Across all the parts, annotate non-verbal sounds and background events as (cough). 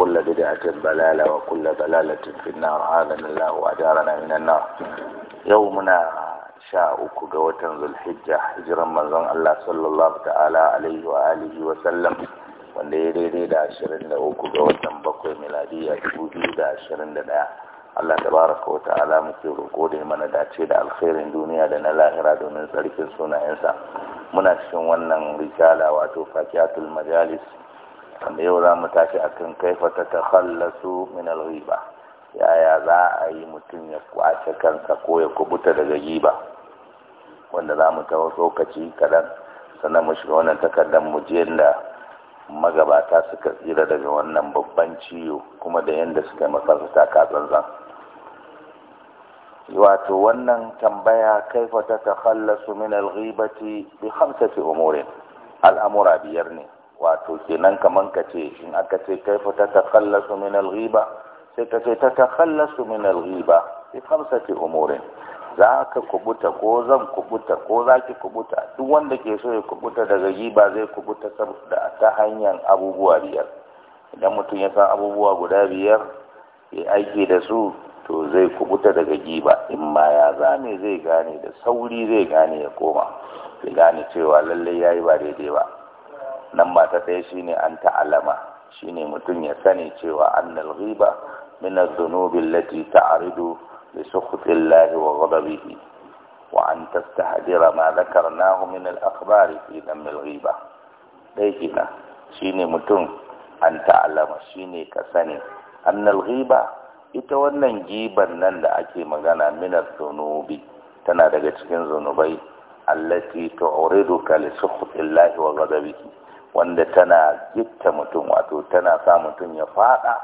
وكل بدعة ضلالة وكل ضلالة في النار عاذنا الله وأجارنا من النار يومنا sha uku ga watan zulhijja hijiran manzon Allah sallallahu ta'ala alaihi wa alihi wa sallam wanda ya daidai da ashirin da uku ga watan bakwai da da ɗaya Allah tabaraka wa ta'ala muke roƙo da mana dace da alkhairin duniya da na lahira domin tsarkin sunayensa muna cikin wannan risala wato fakiyatul majalis wanda yau za mu tashi akan kaifa ta takhallasu min al yaya za a yi mutum ya kwace kansa ko ya kubuta daga giba wanda za mu tawo lokaci kadan sannan mu shiga wannan takardar mu je da magabata suka tsira daga wannan babban ciwo kuma da yadda suka yi makarfata katsantsan wato wannan tambaya kaifa ta takhallasu min al-ghibati bi khamsati umurin al'amura biyar ne wato kenan kaman ka ce in aka ce ta takhallasu min al-ghiba sai ka ce ta takhallasu min al-ghiba bi khamsati umurin za ka kubuta ko zan kubuta ko za ki kubuta duk wanda ke so ya kubuta daga giba zai kubuta saboda ta hanyar abubuwa biyar idan mutum ya san abubuwa guda biyar ya aiki da su to zai kubuta daga giba in ma ya zame zai gane da sauri zai gane ya koma ya gane cewa lallai ya yi ba daidai ba nan mata ɗaya shine an ta'alama shine mutum ya sani cewa annal ghiba min adh-dhunubi allati ta'ridu li sukhti wa ghadabihi wa an tastahdira ma dhakarnahu min al-akhbari fi dhamm al-ghiba dai shine mutum an ta'alama shine ka sani annal ghiba ita wannan giban nan da ake magana min adh tana daga cikin zunubai allati tu'riduka li sukhti Allah wa ghadabihi wanda tana gitta mutum wato tana sa mutum ya fada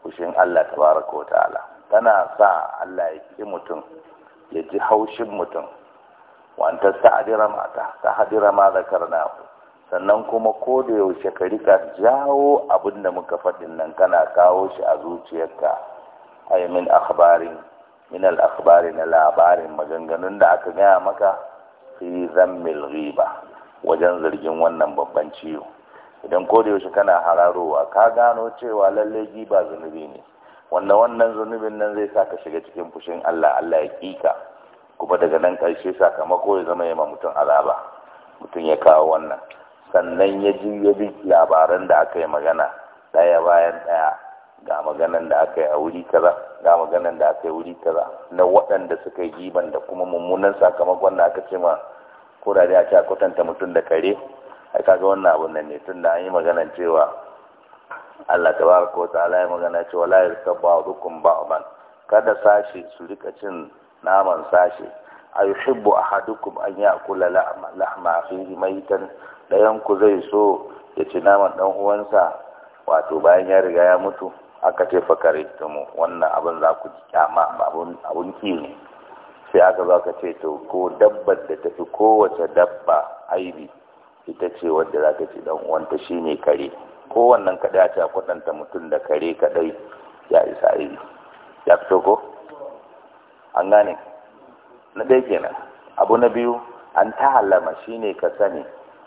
fushin Allah tabaraka wa ta'ala tana sa Allah ya ki mutum ya ji haushin mutum wanta sa'adira ma ta sa'adira ma zakarna sannan kuma ko da yaushe ka rika jawo abin da muka faɗin nan kana kawo shi a zuciyarka ay min akhbarin min al akhbari na labarin maganganun da aka gaya maka fi zammil ghiba wajen zargin wannan babban ciwo idan ko da yaushe kana hararowa ka gano cewa lalle giba zunubi ne wanda wannan zunubin nan zai sa ka shiga cikin fushin Allah Allah ya kika kuma daga nan karshe sakamako ya zama yamma mutum azaba mutum ya kawo wannan sannan ya ji ya bi labaran da aka yi magana daya bayan daya ga maganan da aka yi a wuri kaza ga maganan da aka yi wuri kaza na waɗanda suka yi giban da kuma mummunan sakamakon da aka ce ma ko da ya ce a kwatanta mutum da kare a kaga wannan abun nan ne tun da an yi magana cewa Allah ta tabaraka wa ala ya magana cewa la dukkan ba'dan kada sashi su rika cin naman sashi a ahadukum an a lahma akhihi maitan ɗayan ku zai so ya ci naman ɗan uwansa wato bayan ya riga ya mutu aka ce fakare mu wannan abin za ku kyama abun abun ki ne sai aka zo ka ce to ko dabbar da tafi kowace dabba aibi ita ce wadda za ka ce dan uwanta shine kare ko wannan kada a kwatanta mutum da kare kadai ya isa aibi ya fito ko an gane na ɗaya kenan abu na biyu an shi shine ka sani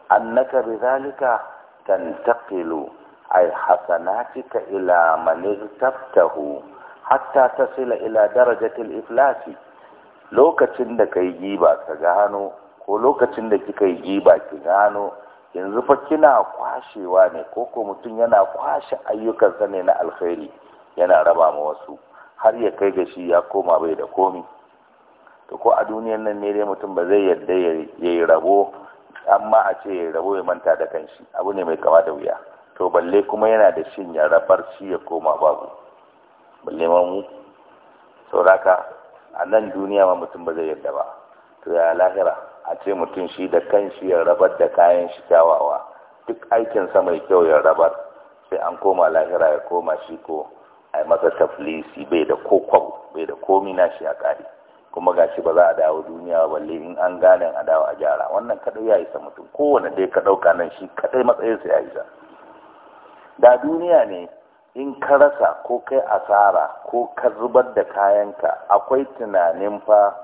annaka bizalika tantaqilu ay hasanatika ila man irtabtahu hatta tasila ila darajatil iflasi lokacin da ka yi giba ka gano ko lokacin da kika yi giba ki gano yanzu fa kina kwashewa ne ko ko mutum yana kwashe ayyukansa ne na alkhairi yana raba ma wasu har ya kai ga shi ya koma bai da komi to ko a duniyar nan ne dai mutum ba zai yarda ya yi rabo amma a ce ya rabo ya manta da kanshi abu ne mai kama da wuya to balle kuma yana da shin ya rabar shi ya koma babu balle ma mu sauraka a nan duniya ma mutum ba zai yarda ba to ya lahira a ce mutum shi da kan shi ya rabar da kayan shi kyawawa duk aikinsa mai kyau ya rabar sai an koma lahira ya koma shi ko a yi masa tafilisi bai da ko bai da komi na shi a ƙari kuma ga shi ba za a dawo duniya ba balle in an gane a dawo a gyara wannan kaɗai ya isa mutum kowane dai ka ɗauka nan shi kaɗai matsayinsa ya isa da duniya ne in ka rasa ko kai asara ko ka zubar da kayanka akwai tunanin fa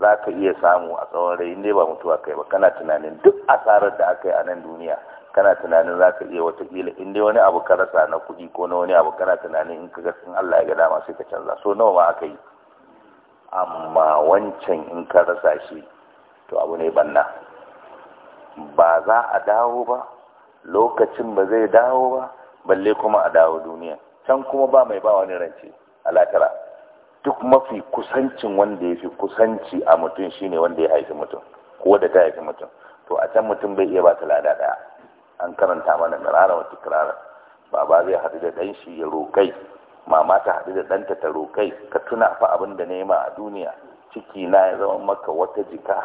za ka iya samu a tsawon rai ne ba mutuwa kai ba kana tunanin duk asarar da aka yi a nan duniya kana tunanin za ka iya watakila in dai wani abu ka rasa na kuɗi ko na wani abu kana tunanin in ka ga in Allah ya ga dama sai ka canza so nawa ma aka yi amma wancan in ka rasa shi to abu ne banna ba za a dawo ba lokacin ba zai dawo ba balle kuma a dawo duniya can kuma ba mai ba wani rance a latara duk mafi kusancin wanda ya fi kusanci a mutum shine wanda ya haifi mutum ko da ta haifi mutum to a can mutum bai iya ba ta lada daya an karanta mana mirara wata kirara baba zai haɗu da ɗan shi ya rokai mama ta haɗu da ɗanta ta rokai ka tuna fa abin da nema a duniya ciki na ya zama maka wata jika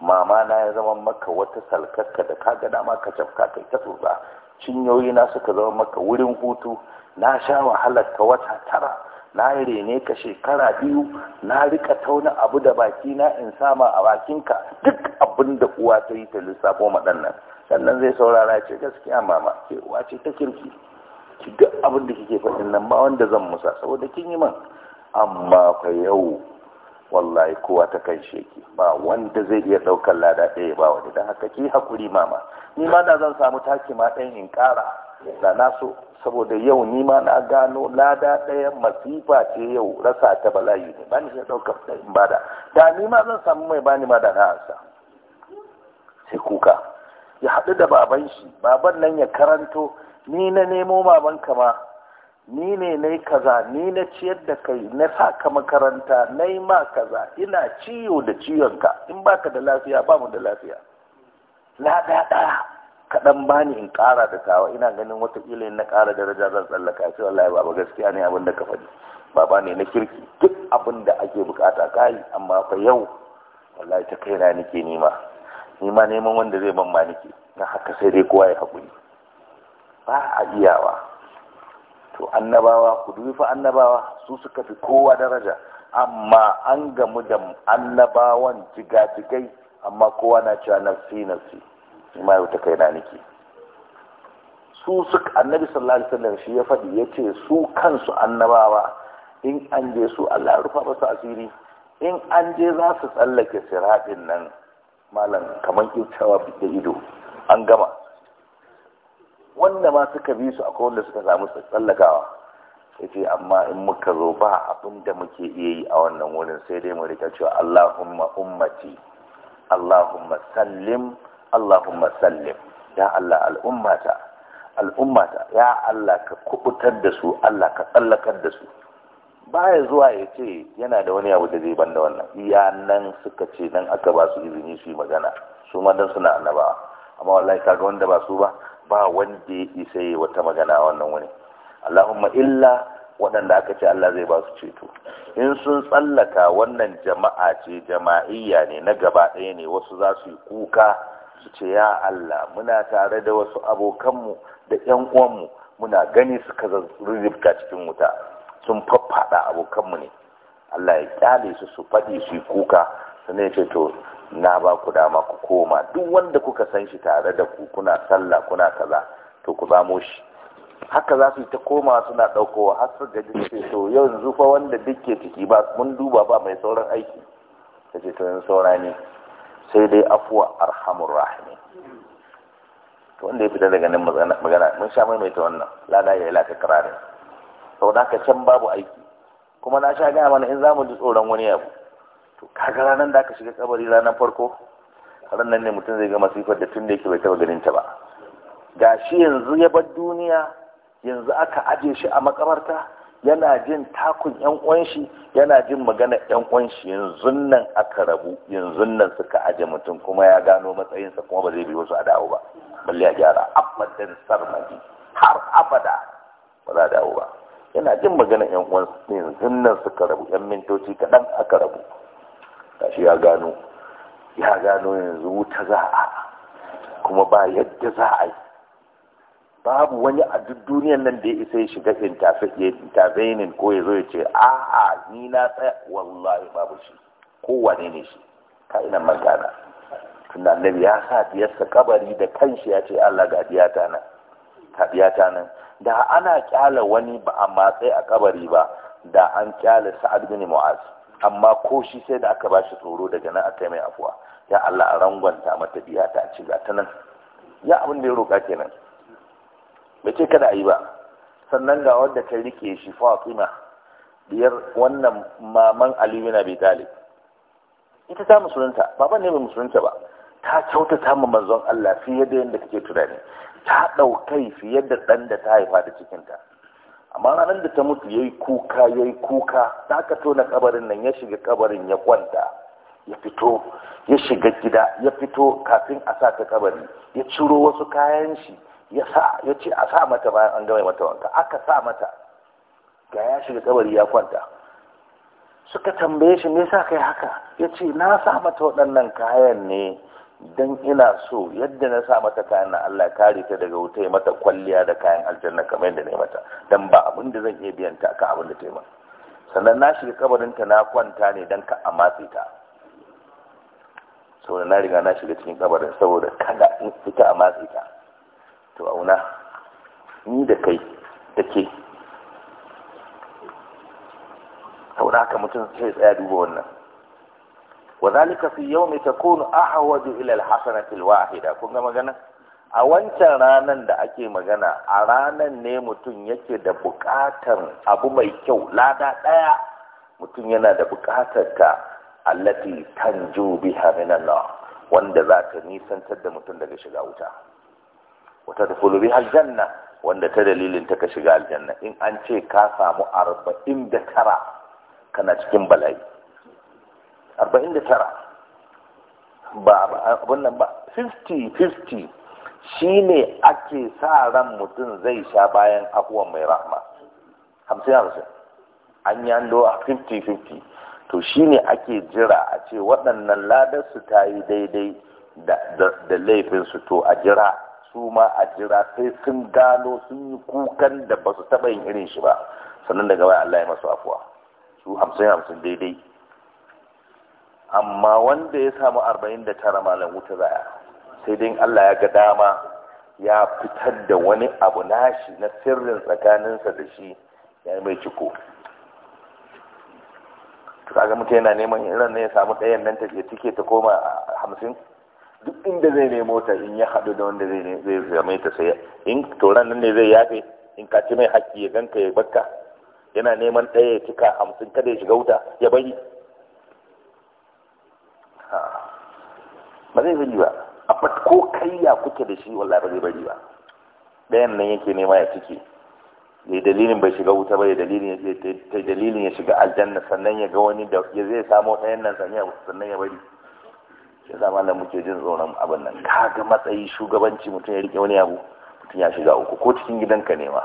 mama na ya zama maka wata salkarka da kaga dama ka cafka kai ta tsotsa cinyoyi na suka zama maka wurin hutu na sha wahalar ka wata tara na rene ka shekara biyu na rika tauna abu da baki na in sama a bakinka duk abin da uwa ta yi ta lissafo maɗannan sannan zai saurara ce gaskiya mama ke uwa ce ta kirki ki duk abin da kike faɗin nan ba wanda zan musa saboda kin yi man amma fa yau wallahi kowa ta kan sheki ba wanda zai iya ɗaukar lada ɗaya ba wani don haka ki hakuri mama ni ma da zan samu taki ma ɗan in ƙara da na so saboda yau ni ma na gano lada ɗaya masifa ce yau rasa ta bala'i ne bani sai ɗaukar da in bada da ni ma zan samu mai bani ma da na sai kuka ya haɗu da baban shi baban nan ya karanto ni na nemo baban kama ni ne na yi kaza ni na ciyar da kai na sa ka makaranta na yi ma kaza ina ciwo da ciwonka in baka da lafiya ba mu da lafiya lada ɗaya kaɗan bani in ƙara da tawa ina ganin watakila kila na ƙara daraja zan tsallaka shi wallahi baba gaskiya ne abin da ka faɗi baba ne na kirki duk abin da ake bukata kai amma fa yau wallahi ta kaina nake nema nima neman wanda zai ban ma nake na haka sai dai kowa ya haƙuri ba a iyawa to annabawa ku dubi fa annabawa su suka fi kowa daraja amma an gamu da annabawan jigajigai amma kowa na cewa nafsi nafsi ma yau ta kai na niki su su annabi sallallahu alaihi wasallam shi ya faɗi ya ce su kansu annabawa in an je su Allah ya rufa masu asiri in an je za su tsallake siraɗin nan malam kamar kyautawa da ido an gama wanda ma suka bi su akwai wanda suka samu tsallakawa Ya ce amma in muka zo ba abin da muke iya yi a wannan wurin sai dai mu rika cewa Allahumma ummati Allahumma sallim Allahumma sallim ya Allah al'ummata al'ummata ya Allah ka kubutar da su Allah ka tsallakar da su ya zuwa ya ce yana da wani abu da zai banda wannan iya nan suka ce nan aka ba su izini su yi magana su ma dan suna annabawa amma wallahi kaga wanda ba su ba ba wanda ya isa yi wata magana wannan wani Allahumma illa waɗanda aka ce Allah zai ba su ceto in sun tsallaka wannan jama'a ce jama'iyya ne na gaba ɗaya ne wasu za su yi kuka su ce ya Allah muna tare da wasu abokanmu da ƴan uwanmu muna gani su kaza rirrifka cikin wuta sun faffaɗa abokanmu ne Allah ya kyale su su faɗi su yi kuka su ya ce to na ba ku dama ku koma duk wanda kuka san shi tare da ku kuna sallah kuna kaza to ku zamo shi haka za su ta koma suna ɗaukowa har su gaji ce to yanzu fa wanda duk ke ciki ba mun duba ba mai sauran aiki ta ce tunan saura ne sai dai afuwa arhamur rahimi to wanda ya fita daga nan magana mun sha maimaita wannan lada ya yi lafi kirarin sau da haka can babu aiki kuma na sha gaya mana in za mu ji tsoron wani abu to kaga ranar da aka shiga kabari ranar farko ranar ne mutum zai ga masifar da tun da yake bai taɓa ganin ta ba ga shi yanzu ya bar duniya yanzu aka aje shi a makabarta yana jin takun yan uwanshi yana jin magana yan uwanshi yanzu nan aka rabu yanzu nan suka aje mutum kuma ya gano matsayinsa kuma ba zai bi wasu a dawo ba balle ya gyara abadan sarmadi har abada ba za a dawo ba yana jin magana yan uwansa yanzu nan suka rabu yan mintoci kaɗan aka rabu gashi ya gano ya gano yanzu wuta za a kuma ba yadda za a yi babu wani a duk duniyan nan da ya isa ya shiga intervening ko ya zo ya ce a'a ni na tsaya wallahi babu shi Ko wane ne shi ka ina magana tunda annabi ya sa diyarsa kabari da kanshi ya ce Allah ga diyata nan ka diyata nan da ana kyala wani ba a matsayi a kabari ba da an kyala sa'ad bin mu'az amma ko shi sai da aka bashi tsoro daga nan aka mai afuwa ya Allah a rangwanta mata diyata ci ga ta nan ya abin da ya roƙa kenan bai ce kada a yi ba sannan ga wanda ta rike shi fatima biyar wannan maman aliyu yana bai talib ita ta musulunta baban ne bai musulunta ba ta kyautata ma manzon Allah fiye da yadda kake tunani ta ɗaukai fiye da ɗan da ta haifa da cikinta amma ranar da ta mutu yayi kuka yayi kuka ta ka tona kabarin nan ya shiga kabarin ya kwanta ya fito ya shiga gida ya fito kafin a sa ta kabari ya ciro wasu kayan shi ya sa ce a sa mata bayan an gama mata wanka aka sa mata ga ya shiga kabari ya kwanta suka tambaye shi me yasa kai haka ya ce na sa mata waɗannan kayan ne don ina so yadda na sa mata kayan na Allah kare ta daga wuta ya mata kwalliya da kayan aljanna kamar yadda na yi mata don ba abin da zan iya biyan ta kan abin da ta yi mata sannan na shiga kabarin ta na kwanta ne don ka a matse ta saboda na riga na shiga cikin kabarin saboda kada in fita a matse ta to auna ni da kai da ke saboda haka mutum sai tsaya duba wannan wa zalika fi yawmi takunu ahwaju ila alhasanati alwahida kun ga magana a wancan ranan da ake magana a ranan ne mutum yake da buƙatar abu mai kyau lada ɗaya mutum yana da bukatar ta allati tanju biha minallah wanda za ta nisantar da mutum daga shiga wuta wata dukulu biha aljanna wanda ta dalilin ta ka shiga aljanna in an ce ka samu arba'in da tara kana cikin bala'i arba'in da tara ba abin nan ba 50-50 shi ne ake sa ran mutum zai sha bayan abuwan mai rahama hamsin hamsin an yi ando a 50-50 to shi ne ake jira a ce waɗannan ladarsu ta yi daidai da laifinsu to a jira su ma a jira sai sun gano sun yi kukan da ba su taɓa yin irin shi ba sannan daga baya Allah ya masu afuwa su hamsin hamsin daidai amma wanda ya samu arba'in da tara malam wuta zaya sai dai Allah ya ga dama ya fitar da wani abu nashi na sirrin tsakaninsa da shi ya mai ciko kaga mutane yana neman irin ne ya samu ɗayan nan take ta koma hamsin duk inda zai nemo ta in ya haɗu da wanda zai zai zame ta sai in toran nan ne zai yafe in ka ci mai haƙƙi ya ganka ya bakka yana neman ɗaya ya cika hamsin kada ya shiga wuta ya bari ba zai bari ba amma ko kai ya kuke da shi wallahi ba zai bari ba ɗayan nan yake nema ya cike ya dalilin bai shiga wuta ba ya dalilin ya dalilin ya shiga aljanna sannan ya ga wani da ya zai samo ɗayan nan sannan ya bari sai zama da muke jin tsoron abin nan ka ga matsayi shugabanci mutum ya rike wani abu mutum ya shiga uku ko cikin gidanka ne ma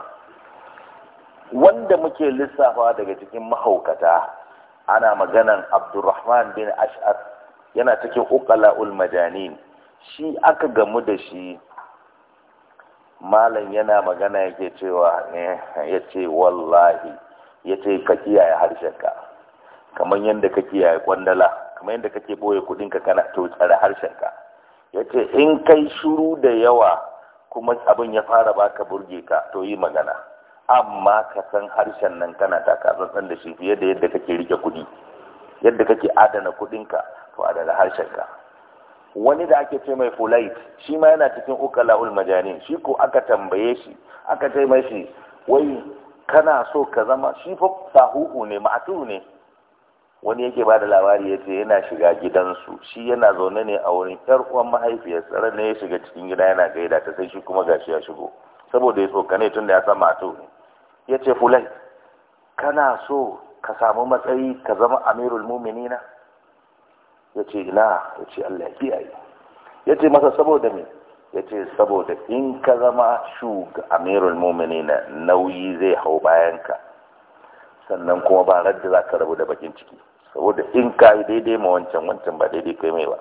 wanda muke lissafawa daga cikin mahaukata ana maganan abdurrahman bin ash'ar yana cikin uqala ul majanin shi aka gamu da shi malam yana magana yake cewa ne eh, ya ce wallahi ya ce ka kiyaye harshenka kamar yadda ka kiyaye kwandala kamar yadda kake boye kudin ka kana to tsare harshen ka yace in kai shuru da yawa kuma abin ya fara baka burge ka to yi magana amma ka san harshen nan kana taka tsantsan da shi fiye da yadda kake rike kudi yadda kake adana kudin ka to adana harshen ka wani da ake ce mai polite shi ma yana cikin ukala'ul majanin shi ko aka tambaye shi aka ce mai shi wai kana so ka zama shi fa sahuhu ne ma'atu ne wani yake ba da labari ya ce yana shiga gidansu shi yana zaune ne a wurin yar uwan mahaifiyar ran ne ya shiga cikin gida yana gaida ta sai shi kuma gashi ya shigo saboda ya ne tun da ya san mato ne ya ce fulai kana so ka samu matsayi ka zama amirul muminina ya ce ina ya ce allah ya kiyaye ya ce masa saboda me ya ce saboda in ka zama shug amirul muminina nauyi zai hau bayan ka. sannan kuma ba radda za ka rabu da bakin ciki saboda in ka yi daidai ma wancan wancan ba daidai kai mai ba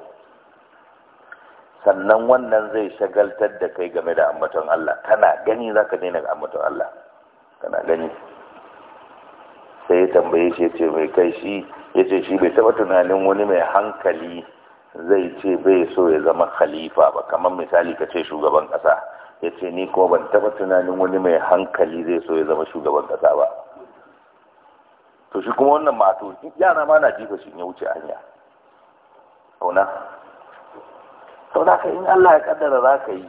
sannan wannan zai shagaltar da kai game da ambaton Allah kana gani za ka daina ga ambaton Allah kana gani sai ya tambaye shi ce mai kai shi ya ce shi bai taɓa tunanin wani mai hankali zai ce bai so ya zama khalifa ba kamar misali ka ce shugaban ƙasa ya ce ni kuma ban taɓa tunanin wani mai hankali zai so ya zama shugaban ƙasa ba to shi kuma wannan mato yara ma na jifa shi ya wuce hanya kauna saboda ka in Allah ya kaddara za ka yi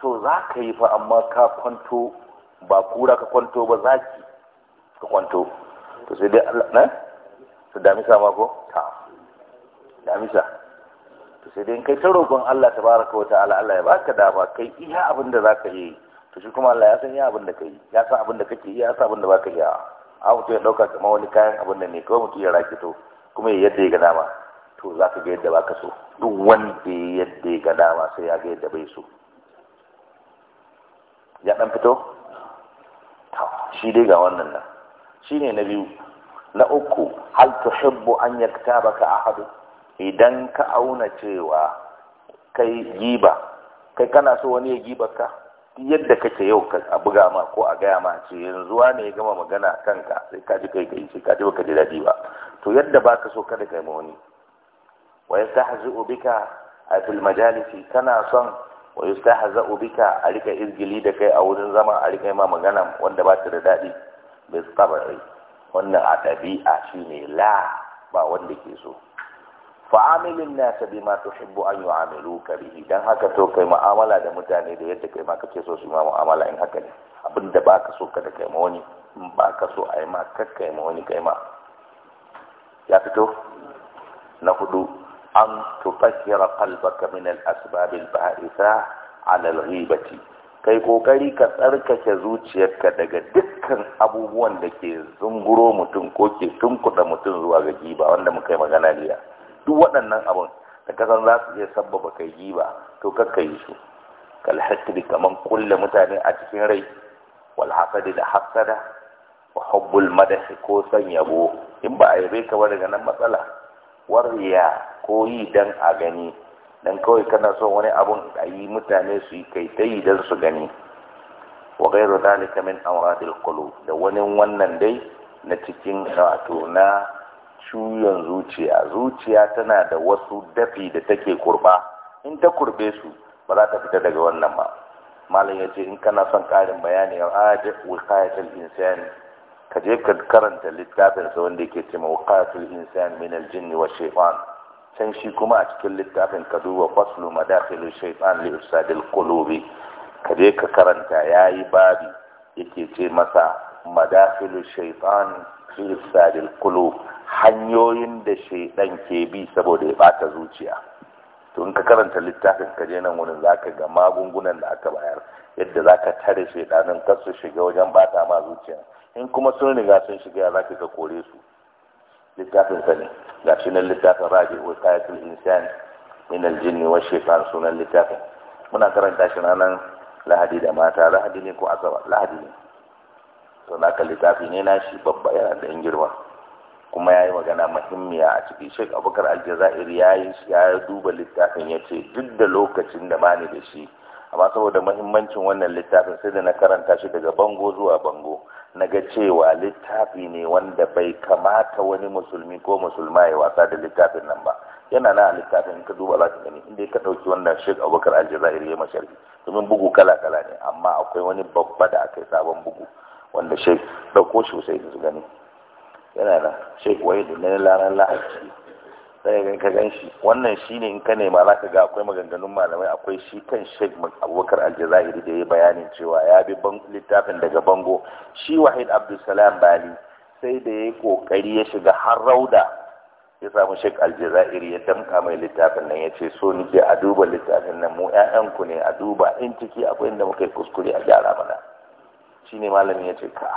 to za ka yi fa amma ka kwanto ba kura ka kwanto ba za ki ka kwanto to sai dai Allah na su damisa ma ko ta damisa to sai dai in kai ta roƙon Allah baraka wa ta'ala Allah ya baka dama kai iya abin da za ka yi to shi kuma Allah ya san iya abin da yi, ya san abin da kake iya ya san abin da baka iya a mutum ya ɗauka kamar wani kayan abin da ne kawai mutum ya rakito kuma ya yadda ya ga dama to za ka ga yadda ba ka so duk wanda ya yadda ya ga dama sai ya ga yadda bai so ya ɗan fito shi dai ga wannan nan shi ne na biyu na uku hal tuhibbu an a ahadu idan ka auna cewa kai giba kai kana so wani ya giba ka yadda kake yau a buga ma ko a gaya ma ce yanzu ne ya gama magana kanka sai ka ji kai kai sai ka ji baka ji daɗi ba to yadda ba ka so kada kai mawani wani wa yastahzi'u ubika a fil majalisi kana son wa yastahza'u ubika a rika izgili da kai a wurin zama a rika ma magana wanda ba ta da daɗi bai tsabari wannan a ɗabi'a ne, la ba wanda ke so fa'amilin nasa bima tuhibbu an amilu kari, idan haka to kai ma'amala da mutane da yadda kai ma kake so su ma ma'amala in haka ne abinda baka so kada kai ma wani in baka so a yi ma kai ma wani kai ma ya fito na hudu an tutahhira qalbaka min al-asbab al-ba'isa 'ala al-ghibati kai kokari ka tsarkake zuciyarka daga dukkan abubuwan da ke zunguro mutum ko ke tunkuta mutum zuwa ga giba wanda mu kai magana jiya duk waɗannan abun da kasan za su iya sabbaba kai giba to kakka yi su kal da kamar kulle mutane a cikin rai wal hasadi da hasada wa hubbul madahi ko san yabo in ba a yabe ka ba daga nan matsala wariya ko yi dan a gani dan kawai kana son wani abun a yi mutane su yi kai ta yi dan su gani wa gairu dalika min amradil qulub da wani wannan dai na cikin wato na ciwon zuciya zuciya tana da wasu dafi da take kurba in ta kurbe su ba za ta fita daga wannan ba malam ya ce in kana son karin bayani ya aje wiqayatul insan ka je ka karanta littafin sa wanda yake cewa wiqayatul insan min aljin wa shaytan can shi kuma a cikin littafin ka duba faslu madakhilu shaytan li ifsadil qulubi ka je ka karanta yayi babi yake ce masa madakhilu shaytan fi ifsadil qulub hanyoyin da shi ɗan ke bi saboda ya bata zuciya to in ka karanta littafin ka je nan wurin zaka ga magungunan da aka bayar yadda zaka tare shaidanin kar su shiga wajen bata ma zuciya in kuma sun riga sun shiga zaka ka kore su littafin sa ne shi nan littafin rabi wa kayatul insani min aljin wa shaytan sunan littafin muna karanta shi nan lahadi da mata lahadi ne ko asabar lahadi ne to naka littafi ne na shi babba yana da in girma kuma ya yi magana muhimmiya a ciki shek abubakar iri ya yi ya duba littafin ya ce duk da lokacin da mani da shi amma saboda mahimmancin wannan littafin sai da na karanta shi daga bango zuwa bango na ga cewa littafi ne wanda bai kamata wani musulmi ko musulma ya wasa da littafin nan ba yana na littafin ka duba za ka gani inda ka ɗauki wannan shek abubakar iri ya masharki domin bugu kala kala ne amma akwai wani babba da aka yi sabon bugu wanda shek ɗauko sosai sai su gani yana nan sheik da na laran lahadi sai ga ka gan shi wannan shine in ka nema za ka ga akwai maganganun malamai akwai shi kan sheik abubakar aljazahiri da ya bayanin cewa ya bi littafin daga bango shi wahid abdulsalam bali sai da ya yi kokari ya shiga har rauda ya samu shek aljazairi ya damka mai littafin nan ya ce so nike a duba littafin nan mu ku ne a duba in ciki akwai inda muka yi kuskure a gyara mana shi ne malamin ya ce ka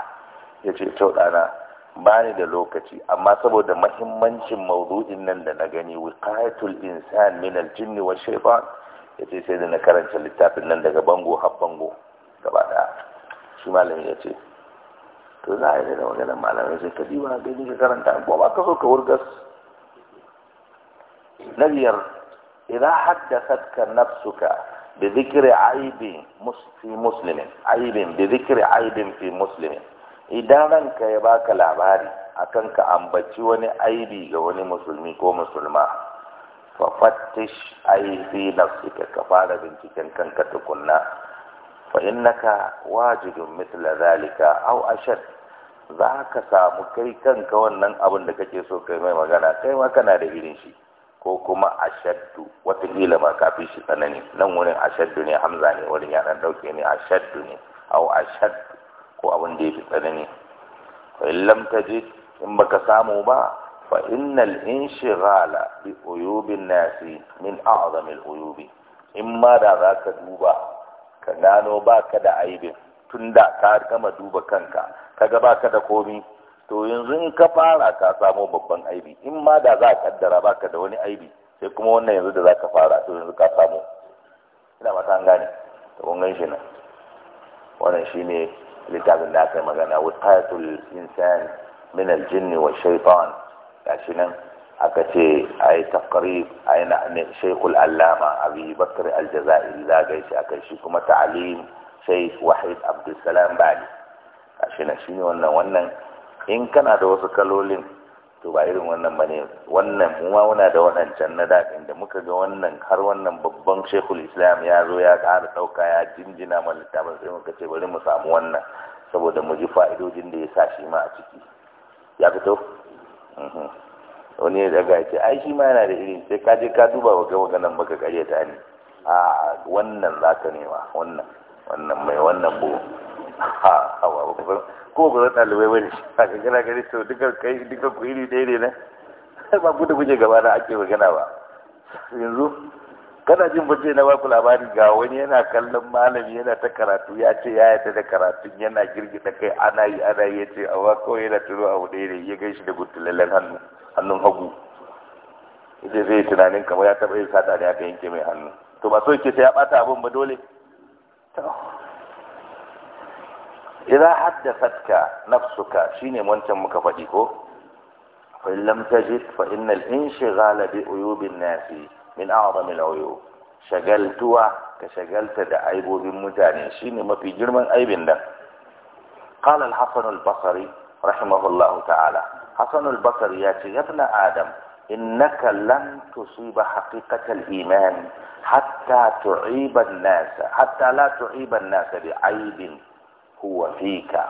ya ce to ɗana bani da lokaci amma saboda mahimmancin mawdu'in nan da na gani wiqayatul insan min al-jinn wa shaytan yace sai da na karanta littafin nan daga bango har bango gaba da shi malami yace to za a yi da maganar malami sai ka diba gani ka karanta ko ba ka so ka wurgas na biyar idan haddathatka nafsuka bi dhikri aibin muslimin aibin bi dhikri aibin fi muslimin idan ranka ya baka labari akan ka ambaci wani aibi ga wani musulmi ko musulma fa fattish aibi na nafsika ka fara binciken kanka tukunna fa innaka wajidun mithla zalika aw ashad za ka samu kai kanka wannan abin da kake so kai mai magana kai ma kana da irin shi ko kuma ashaddu wataƙila ba kafi shi tsanani nan wurin ashaddu ne hamza ne wurin ya dan dauke ne ashaddu ne au ashaddu ko abin da ya fi tsanani fa ta tajid in baka samu ba fa innal inshighala bi uyubin nasi min a'zami al uyubi in ma da zaka duba ka gano baka da aibin tunda ka gama duba kanka kaga baka da komi to yanzu in ka fara ka samu babban aibi in ma da za ka kaddara baka da wani aibi sai kuma wannan yanzu da za ka fara to yanzu ka samu ina mata an gane to kun gan shi nan wannan shine littafin da aka yi magana wiqatul insan min aljinn wa shaytan gashi nan aka ce ai taqrib ai na shaykhul allama abi bakr aljazairi za ga shi aka shi kuma ta'alim shaykh wahid abdulsalam bali gashi nan ne wannan wannan in kana da wasu kalolin to ba irin wannan ba ne wannan mu ma muna da waɗancan na daɗin da muka ga wannan har wannan babban shekul islam ya zo ya ƙara ɗauka ya jinjina ma littafin sai muka ce bari mu samu wannan saboda mu ji fa'idojin da ya sa shi ma a ciki ya fito mhm. wani ya daga ce ai shi ma yana da irin sai ka je ka duba wa ga maganan baka ƙaryata ne a wannan za ka nema wannan wannan mai wannan bu. ha ko gari to duka kai duka ku iri ne ba ku da gaba na ake magana ba yanzu kana jin bace na baku labari ga wani yana kallon malami yana ta karatu ya ce ya yarda da karatu yana girgita kai ana yi ana yi ya ce kawai yana tuno a ɗaya ne ya gaishi da gutulallen hannu hannun hagu ita zai tunanin kamar ya taɓa yin sata da aka yanke mai hannu to ba so yake sai ya ɓata abin ba dole idza haddathatka nafsuka shine wancan muka faɗi ko fa in lam tajid fa inna al inshighala bi uyubin nasi min a'zami al uyub shagaltuwa ka shagalta da aibobin mutane shine mafi girman aibin nan qala al hasan al basri rahimahullahu ta'ala hasan al basri ya ce yabna adam innaka lan tusiba haqiqatal iman hatta tu'iba an-nas hatta la tu'iba an-nas bi aibin huwa fika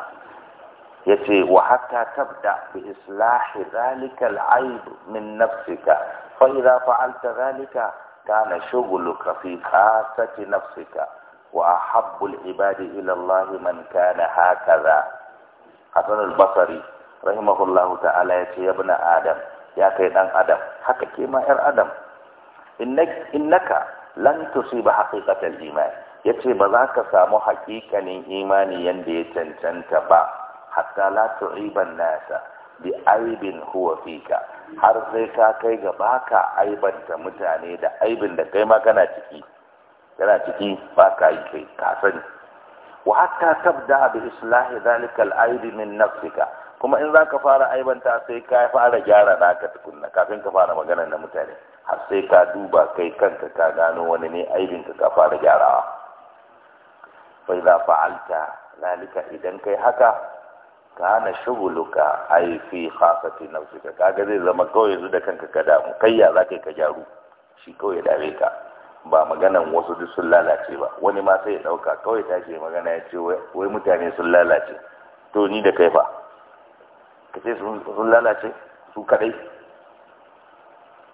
yace wa hatta tabda bi islahi zalika al'ayb min nafsika fa idza fa'alta zalika kana shughluka fi qasati nafsika wa ahabbu al'ibadi ila Allah man kana hakaza Hasan al-Basri rahimahullahu ta'ala yace ya ibn Adam ya kai dan Adam haka ke ma yar Adam innaka lan tusiba haqiqatal iman ya ce ba za ka samu hakikanin imani yadda ya cancanta ba hatta la tu'iban nasa bi aibin huwa fika har sai ka kai ga baka aibanta mutane da aibin da kai ma kana ciki kana ciki ba yi kai ka sani wa hatta tabda bi islahi zalika al-aib min nafsika kuma in zaka fara aibanta sai ka fara gyara naka tukunna kafin ka fara magana da mutane har sai ka duba kai kanka ka gano wani ne aibinka ka fara gyarawa فإذا فعلت ذلك إذا كي حكا kana shuguluka ai fi khafati nafsika kaga zai zama kawai yanzu da kanka ka damu kai ya za ka jaru shi kawai dare ka ba maganan wasu duk sun lalace ba wani ma sai ya dauka kawai tashi magana ya ce wai mutane sun lalace to ni da kai fa ka ce sun lalace su kadai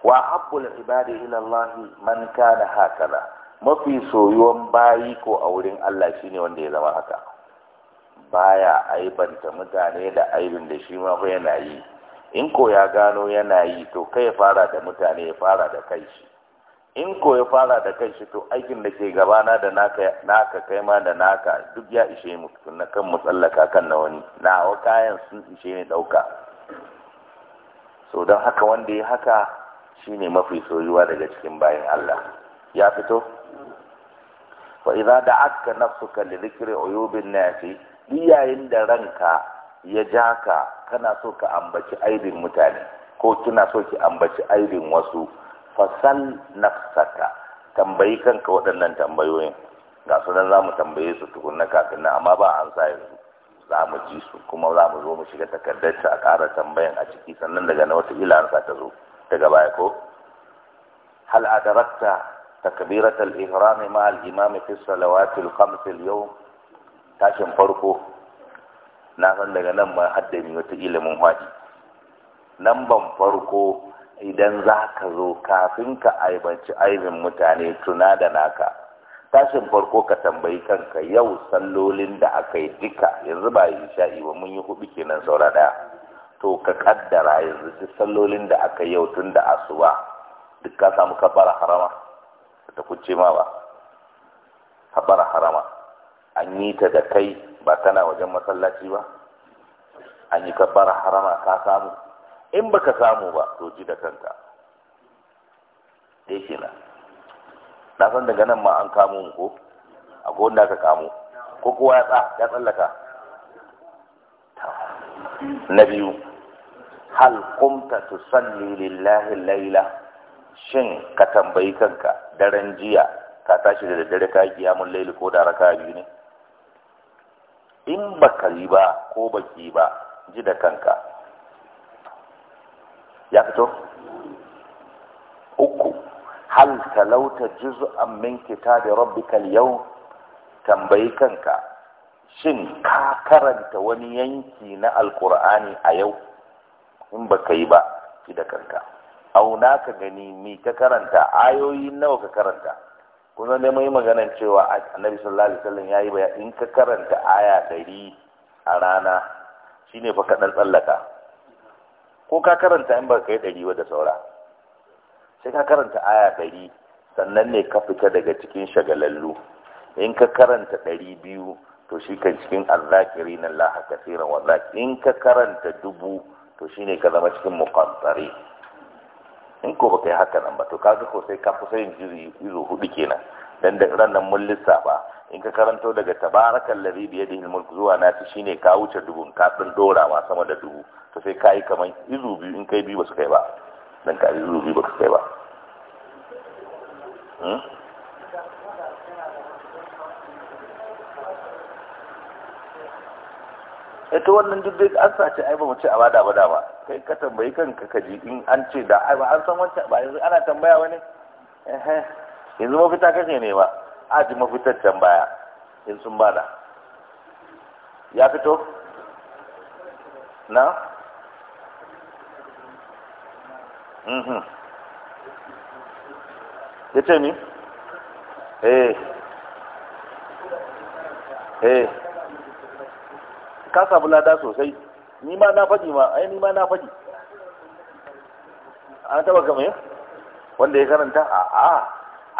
wa habbul ibadi ila Allah man kana hakala mafi soyuwan bayi ko a wurin Allah shi ne wanda ya zama haka baya aibanta mutane da aibin da shi mafi yana yi in ko ya gano yana yi to kai ya fara da mutane ya fara da kai shi in ko ya fara da kai shi to aikin da ke gabana da naka kai ma da naka duk ya ishe mu na kan mu tsallaka kan na wani na kayan sun ishe ni dauka so don haka wanda ya haka shine mafi soyuwa daga cikin bayan Allah ya fito fa idza da'aka nafsuka li dhikri uyubin nasi yayin da ranka ya ja ka kana so ka ambaci aibin mutane ko kina so ki ambaci aibin wasu fasal nafsaka tambayi kanka waɗannan tambayoyin ga su nan za tambaye su tukunna kafin nan amma ba an sa yanzu za mu ji su kuma za mu zo mu shiga takardar ta a ƙara tambayan a ciki sannan daga na wata ila an sa ta zo daga baya ko hal adarakta al-Imam مع الإمام al الصلوات الخمس اليوم tashin farko na san daga nan ma haddami wata ilimin haji nan ban farko idan za ka zo kafin ka aibanci aibin mutane tuna da naka tashin farko ka tambayi kanka yau sallolin da aka yi duka yanzu ba yi sha'i ba mun yi hudu kenan saura daya to ka kaddara yanzu duk sallolin da aka yau tun da asuba duk ka samu kabbar harama ta kuce ma ba haɓara harama an yi ta da kai ba tana wajen masallaci ba an yi kabbara harama ka samu in baka samu ba to ji da kanka dai shi na na san daga nan ma an kamo mu ko akwai wanda ka kamo ko kowa ya tsa ya tsallaka na biyu hal kumta tusalli lillahi laila shin ka tambayi kanka daren jiya ka tashi da daddare ka yi kiyamun laili ko da raka biyu ne in baka yi ba ko baki ba ji da kanka ya fito uku hal talauta an min da rabbika kal yau. tambayi kanka shin ka karanta wani yanki na alkur'ani a yau in baka yi ba ji da kanka auna ka gani mi ka karanta ayoyi nawa ka karanta kuma san mai maganan cewa annabi sallallahu alaihi wasallam yayi baya in ka karanta aya ɗari a rana shine fa ka dan tsallaka ko ka karanta in ba kai ɗari ba da saura sai ka karanta aya ɗari sannan ne ka fita daga cikin shagalallu in ka karanta dari biyu to shi ka cikin azzakiri Allah kafiran in ka karanta dubu to shine ka zama cikin muqaddari in ko baka yi haka nan ba to kaga ko sai ka kusa yin jiri izo hudu kenan dan da ranan mun lissafa in ka karanto daga tabarakal ladhi bi yadihi mulk zuwa na ta shine ka wuce dubun ka dan dora ma sama da dubu to sai kai kaman izu biyu in kai biyu ba su kai ba dan ka izu biyu ba su kai ba ita hmm? eh, wannan duk dai an sace ai ba mu ci a bada ba dama kai ka tambayi kanka ka ji in an ce da ai ba an san wancan ba yanzu ana tambaya wani yanzu mafita kake nema aji mafitar tambaya in sun bada ya fito na mhm ya ce ni eh eh ka samu lada sosai ni ma na faɗi ma ai ni ma na faɗi an taɓa kame wanda ya karanta a a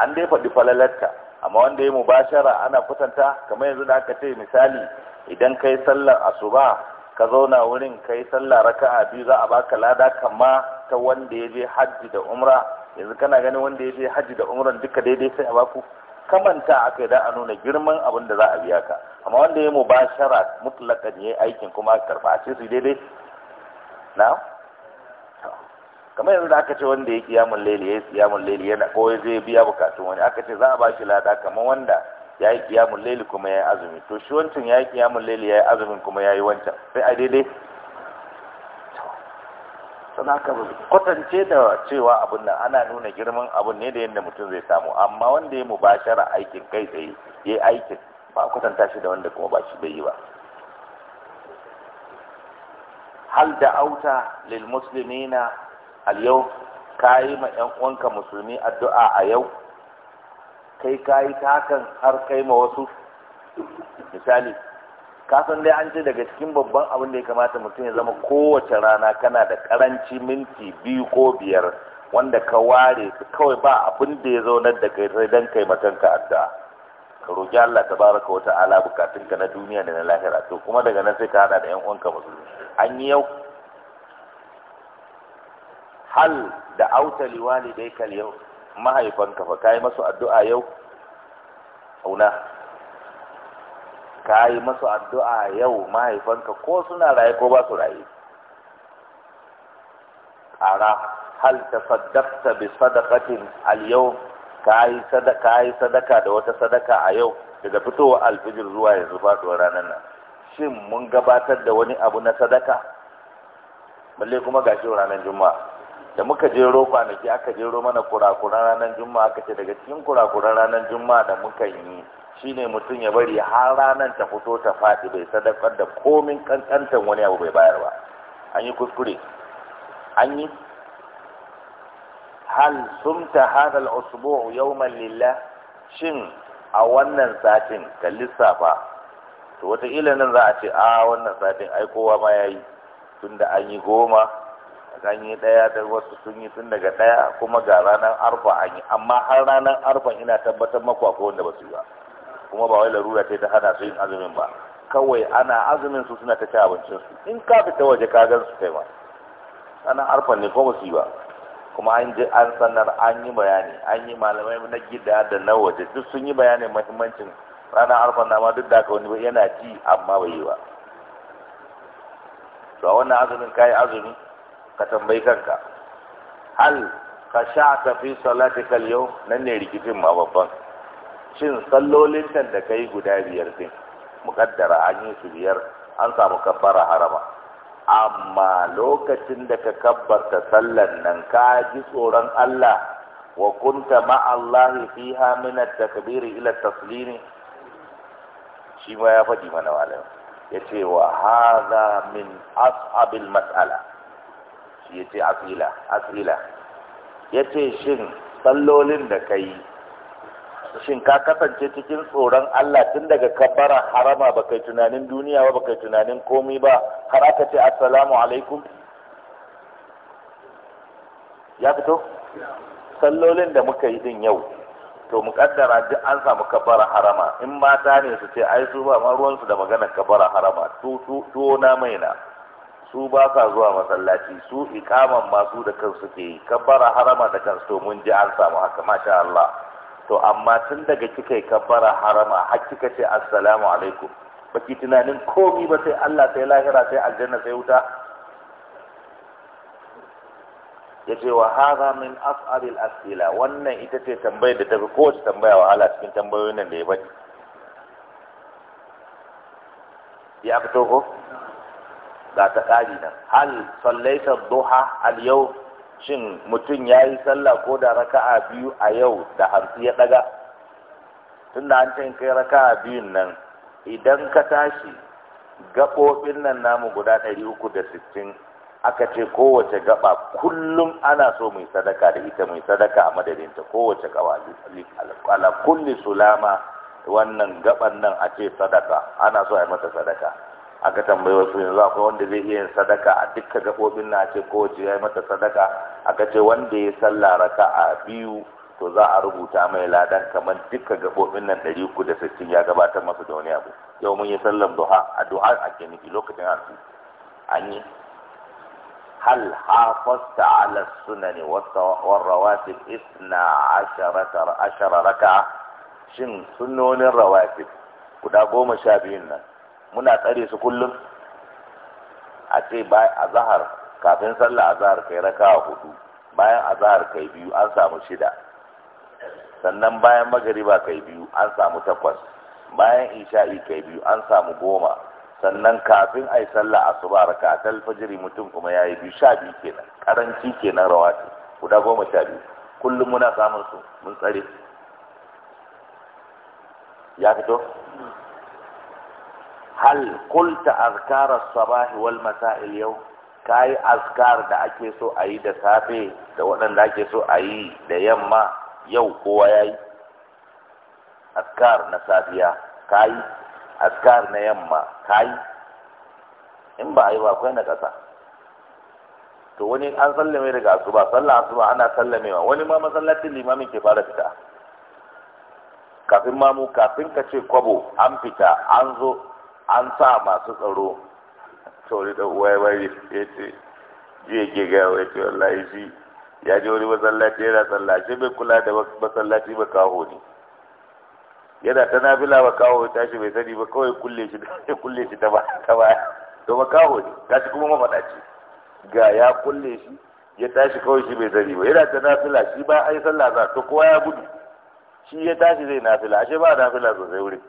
an dai faɗi falalarta amma wanda ya mubashara ana kusanta kamar yanzu da aka ce misali idan ka kai sallar asuba ka zauna wurin ka kai sallar raka'a biyu za a baka lada kama ta wanda ya je hajji da umra yanzu kana ganin wanda ya je hajji da umran duka daidai sai a baku kamanta aka yi da a nuna girman abin da za a biya ka amma wanda ya mubashara mutlakan ya yi aikin kuma karba ce su daidai na kamar yanzu da aka ce wanda ya kiyamun laili ya yi kiyamun laili yana ko ya zai biya bukatun wani aka ce za a ba shi lada kamar wanda ya yi kiyamun laili kuma ya yi azumi to shi wancan ya yi kiyamun laili ya yi azumin kuma ya yi wancan sai a daidai sadaka kwatance da cewa abun nan ana nuna girman abun ne da yadda mutum zai samu amma wanda ya mubashara aikin kai tsaye yayi aikin ba kwatanta shi da wanda kuma ba shi bai yi ba hal da auta lil muslimina al yau kayi ma yan uwanka musulmi addu'a a yau kai kayi ta hakan har kai ma wasu misali kasan dai an ce daga cikin babban abin da ya kamata mutum ya zama kowace rana kana da karanci minti biyu ko biyar wanda ka ware kawai ba abin da ya zaunar da kai sai dan kai makanka addu'a ka roƙi Allah ta baraka wata ala bukatunka na duniya da na lahira to kuma daga nan sai ka hada da yan uwanka musulmi an yi yau hal da auta liwali dai kal yau mahaifanka fa kai masu addu'a yau auna ka yi masu addu'a yau mahaifanka ko suna raye ko ba su raye ƙara hal ta saddakta bi sadakatin alyau ka yi sadaka da wata sadaka a yau daga fitowa alfijir zuwa yanzu faɗuwar ranar nan shin mun gabatar da wani abu na sadaka balle kuma gashi ranar juma'a da muka jero kwanaki aka jero mana kurakuran ranar juma'a aka ce daga cikin kurakuran ranar juma'a da muka yi shine mutum ya bari har ranar ta fito ta faɗi bai sadaukar da komin kankantar wani abu bai bayar ba an yi kuskure an yi hal sumta hada al yawman lillah shin a wannan satin ka lissafa to ila nan za a ce a wannan satin ai kowa ma ya yi tun da an yi goma an yi ɗaya da wasu sun yi tun daga ɗaya kuma ga ranar arfa an yi amma har ranar arfa ina tabbatar makwa ko wanda ba su yi ba kuma ba wai larura ce ta hana su yin azumin ba kawai ana azumin su suna ta ci abincin su in ka fita waje ka gan su kai ma ana arfan ne ko ba su yi ba kuma an ji an sanar an yi bayani an yi malamai na gida da na waje duk sun yi bayanin mahimmancin ranar arfan na ma duk da wani ba yana ci amma bai yi ba to wannan azumin ka azumi ka tambayi kanka hal ka sha fi salatikal yau nan ne rikicin ma babban shin sallolin nan da kai guda biyar din mukaddara an yi su biyar an samu kabbara harama amma lokacin da ka kabbarta sallan nan ka ji tsoron Allah wa kunta ma'allahi fiha min at-takbir ila at-taslim shi ma ya faɗi mana malam ya ce wa hadha min as'abil mas'ala shi ya ce asila asila ya ce shin sallolin da ka shin ka kasance cikin tsoron Allah tun daga kabbara harama ba kai tunanin duniya ba kai tunanin komi ba har aka ce assalamu alaikum ya fito sallolin da muka yi din yau to mu kaddara duk an samu kabbara harama in mata ne su ce ai su ba su da maganar kabbara harama tuwo na mai na. su ba sa zuwa masallaci su ikaman masu da kansu ke yi kabbara harama da kansu to mun ji an samu haka masha Allah to amma tun daga kika yi kabbara harama har kika ce assalamu alaikum baki tunanin komi ba sai Allah sai lahira sai aljanna sai wuta ya ce wa hara min al as'ila wannan ita ce tambayar da tafi kowace tambaya wahala cikin tambayoyin nan da ya bani ya fito ko ga ta ƙari nan hal sallaita duha al yawm shin mutum ya yi sallah ko da raka'a biyu a yau da hamsin ya ɗaga tun da an ce kai raka'a biyun nan idan ka tashi gaɓoɓin nan namu guda ɗari uku da sittin aka ce kowace gaɓa. kullum ana so mai sadaka da ita mai sadaka a madadinta kowace gaba ala kulli sulama wannan gaɓan nan a ce sadaka ana so a yi mata sadaka aka tambayi wasu yanzu akwai wanda zai iya yin sadaka a dukkan gabobin na ce kowace ya yi mata sadaka aka ce wanda ya salla raka a biyu to za a rubuta mai ladan kamar dukkan gabobin nan ɗari uku da sittin ya gabatar masa da wani abu yau mun yi sallan duha a duha a keniki lokacin harfi an yi hal hafasta ala sunani warrawatib isna ashara raka shin sunonin rawatib guda goma sha biyun nan muna tsare su kullum a ce a zahar kafin sallah a zahar kai raka hudu bayan a zahar kai biyu an samu shida sannan bayan magariba kai biyu an samu takwas bayan isha'i kai biyu an samu goma sannan kafin a yi sallah a asuba raka ta alfajiri mutum kuma ya yi biyu sha biyu kenan karanci kenan rawati guda goma sha biyu kullum muna samun su mun tsare ya fito hal kulta azkarar sabah wal masa' yau ka yi azkar da ake so a yi da safe da waɗanda ake so a yi da yamma yau kowa ya yi azkar na safiya ka yi azkar na yamma ka yi in ba ayi ba akwai na ƙasa to wani an sallame daga asuba sallah asuba ana sallamewa wani ma masallacin limamin ke fara fita kafin mamu kafin ka ce kwabo an fita an zo an sa masu tsaro sauri da wai ya ce jiya ke gawa ya ce wallahi shi ya je wani masallaci yana tsallaci bai kula da masallaci ba kawo ne yana ta nafila ba kawo ya tashi bai sani ba kawai kulle shi (laughs) ya kulle shi ta baya to ba kawo ne tashi kuma mafaɗaci ga ya kulle shi ya tashi kawai shi bai sani ba yana ta nafila shi ba a yi sallah za to kowa ya gudu shi ya tashi zai nafila ashe ba nafila sosai wurin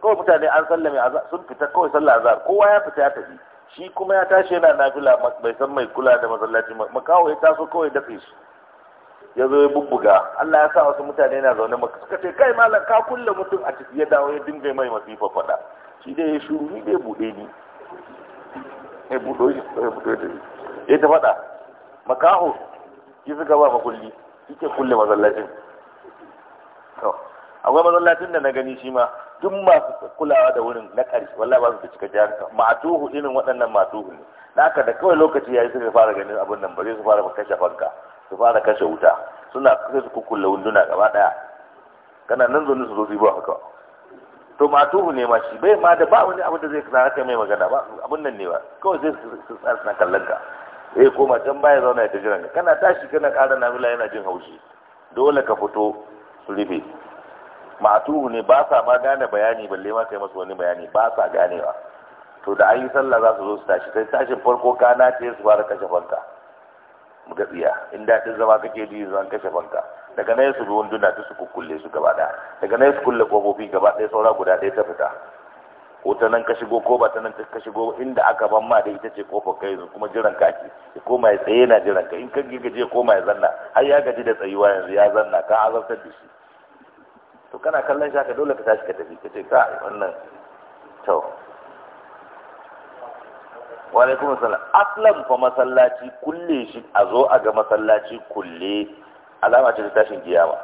kawai mutane an sallame sun fita kawai sallah azhar kowa ya fita ya tafi shi kuma ya tashi yana nafila bai san mai kula da masallaci makawo ya taso kawai dafe su ya zo ya bubbuga Allah ya sa wasu mutane na zaune maka suka ce kai malam ka kulle mutum a ciki ya dawo ya dinga mai masifa faɗa shi dai ya shuru ni dai buɗe ni ya buɗo shi ya buɗo shi ya ta faɗa makaho ki suka ba makulli shi kulle masallacin akwai masallacin da na gani shi ma duk masu kulawa da wurin na ƙarshe wallahi ba su cika jihar matuhu irin waɗannan matuhu ne na haka da kawai lokaci ya yi suka fara ganin abin nan ba zai su fara kashe fanka su fara kashe wuta suna kusa su kukkulle wunduna gaba ɗaya kana nan zo su zo su yi ba haka to matuhu ne ma shi bai ma da ba wani abin da zai kasa kai mai magana ba abin nan ne ba kawai zai su tsara suna kallon ka eh koma can baya zauna ya ta jiran kana tashi kana ƙara namila yana jin haushi dole ka fito su rufe ma'atuhu ne ba sa ma gane bayani balle ma kai masu wani bayani ba sa ganewa to da an yi sallah za su zo su tashi kai tashin farko kana ce su fara kashe fanka mu ga tsiya in daɗin zama kake ji zan kashe fanka daga nan su ruwan duna ta su kukkulle su gaba ɗaya daga nan su kulle kofofi gaba ɗaya saura guda ɗaya ta fita ko ta nan ka shigo ko ba ta nan ka shigo inda aka ban ma da ita ce kofar kai yanzu kuma jiran ka ake ya koma ya tsaye na jiran ka in ka gaje koma ya zanna har ya gaji da tsayuwa yanzu ya zanna ka azabtar da shi to kana kallon haka dole ka tashi ka tafi ka ce ka wannan to wa alaikum assalam aslam fa masallaci kulle shi a zo a ga masallaci kulle alama ce ta tashin kiyama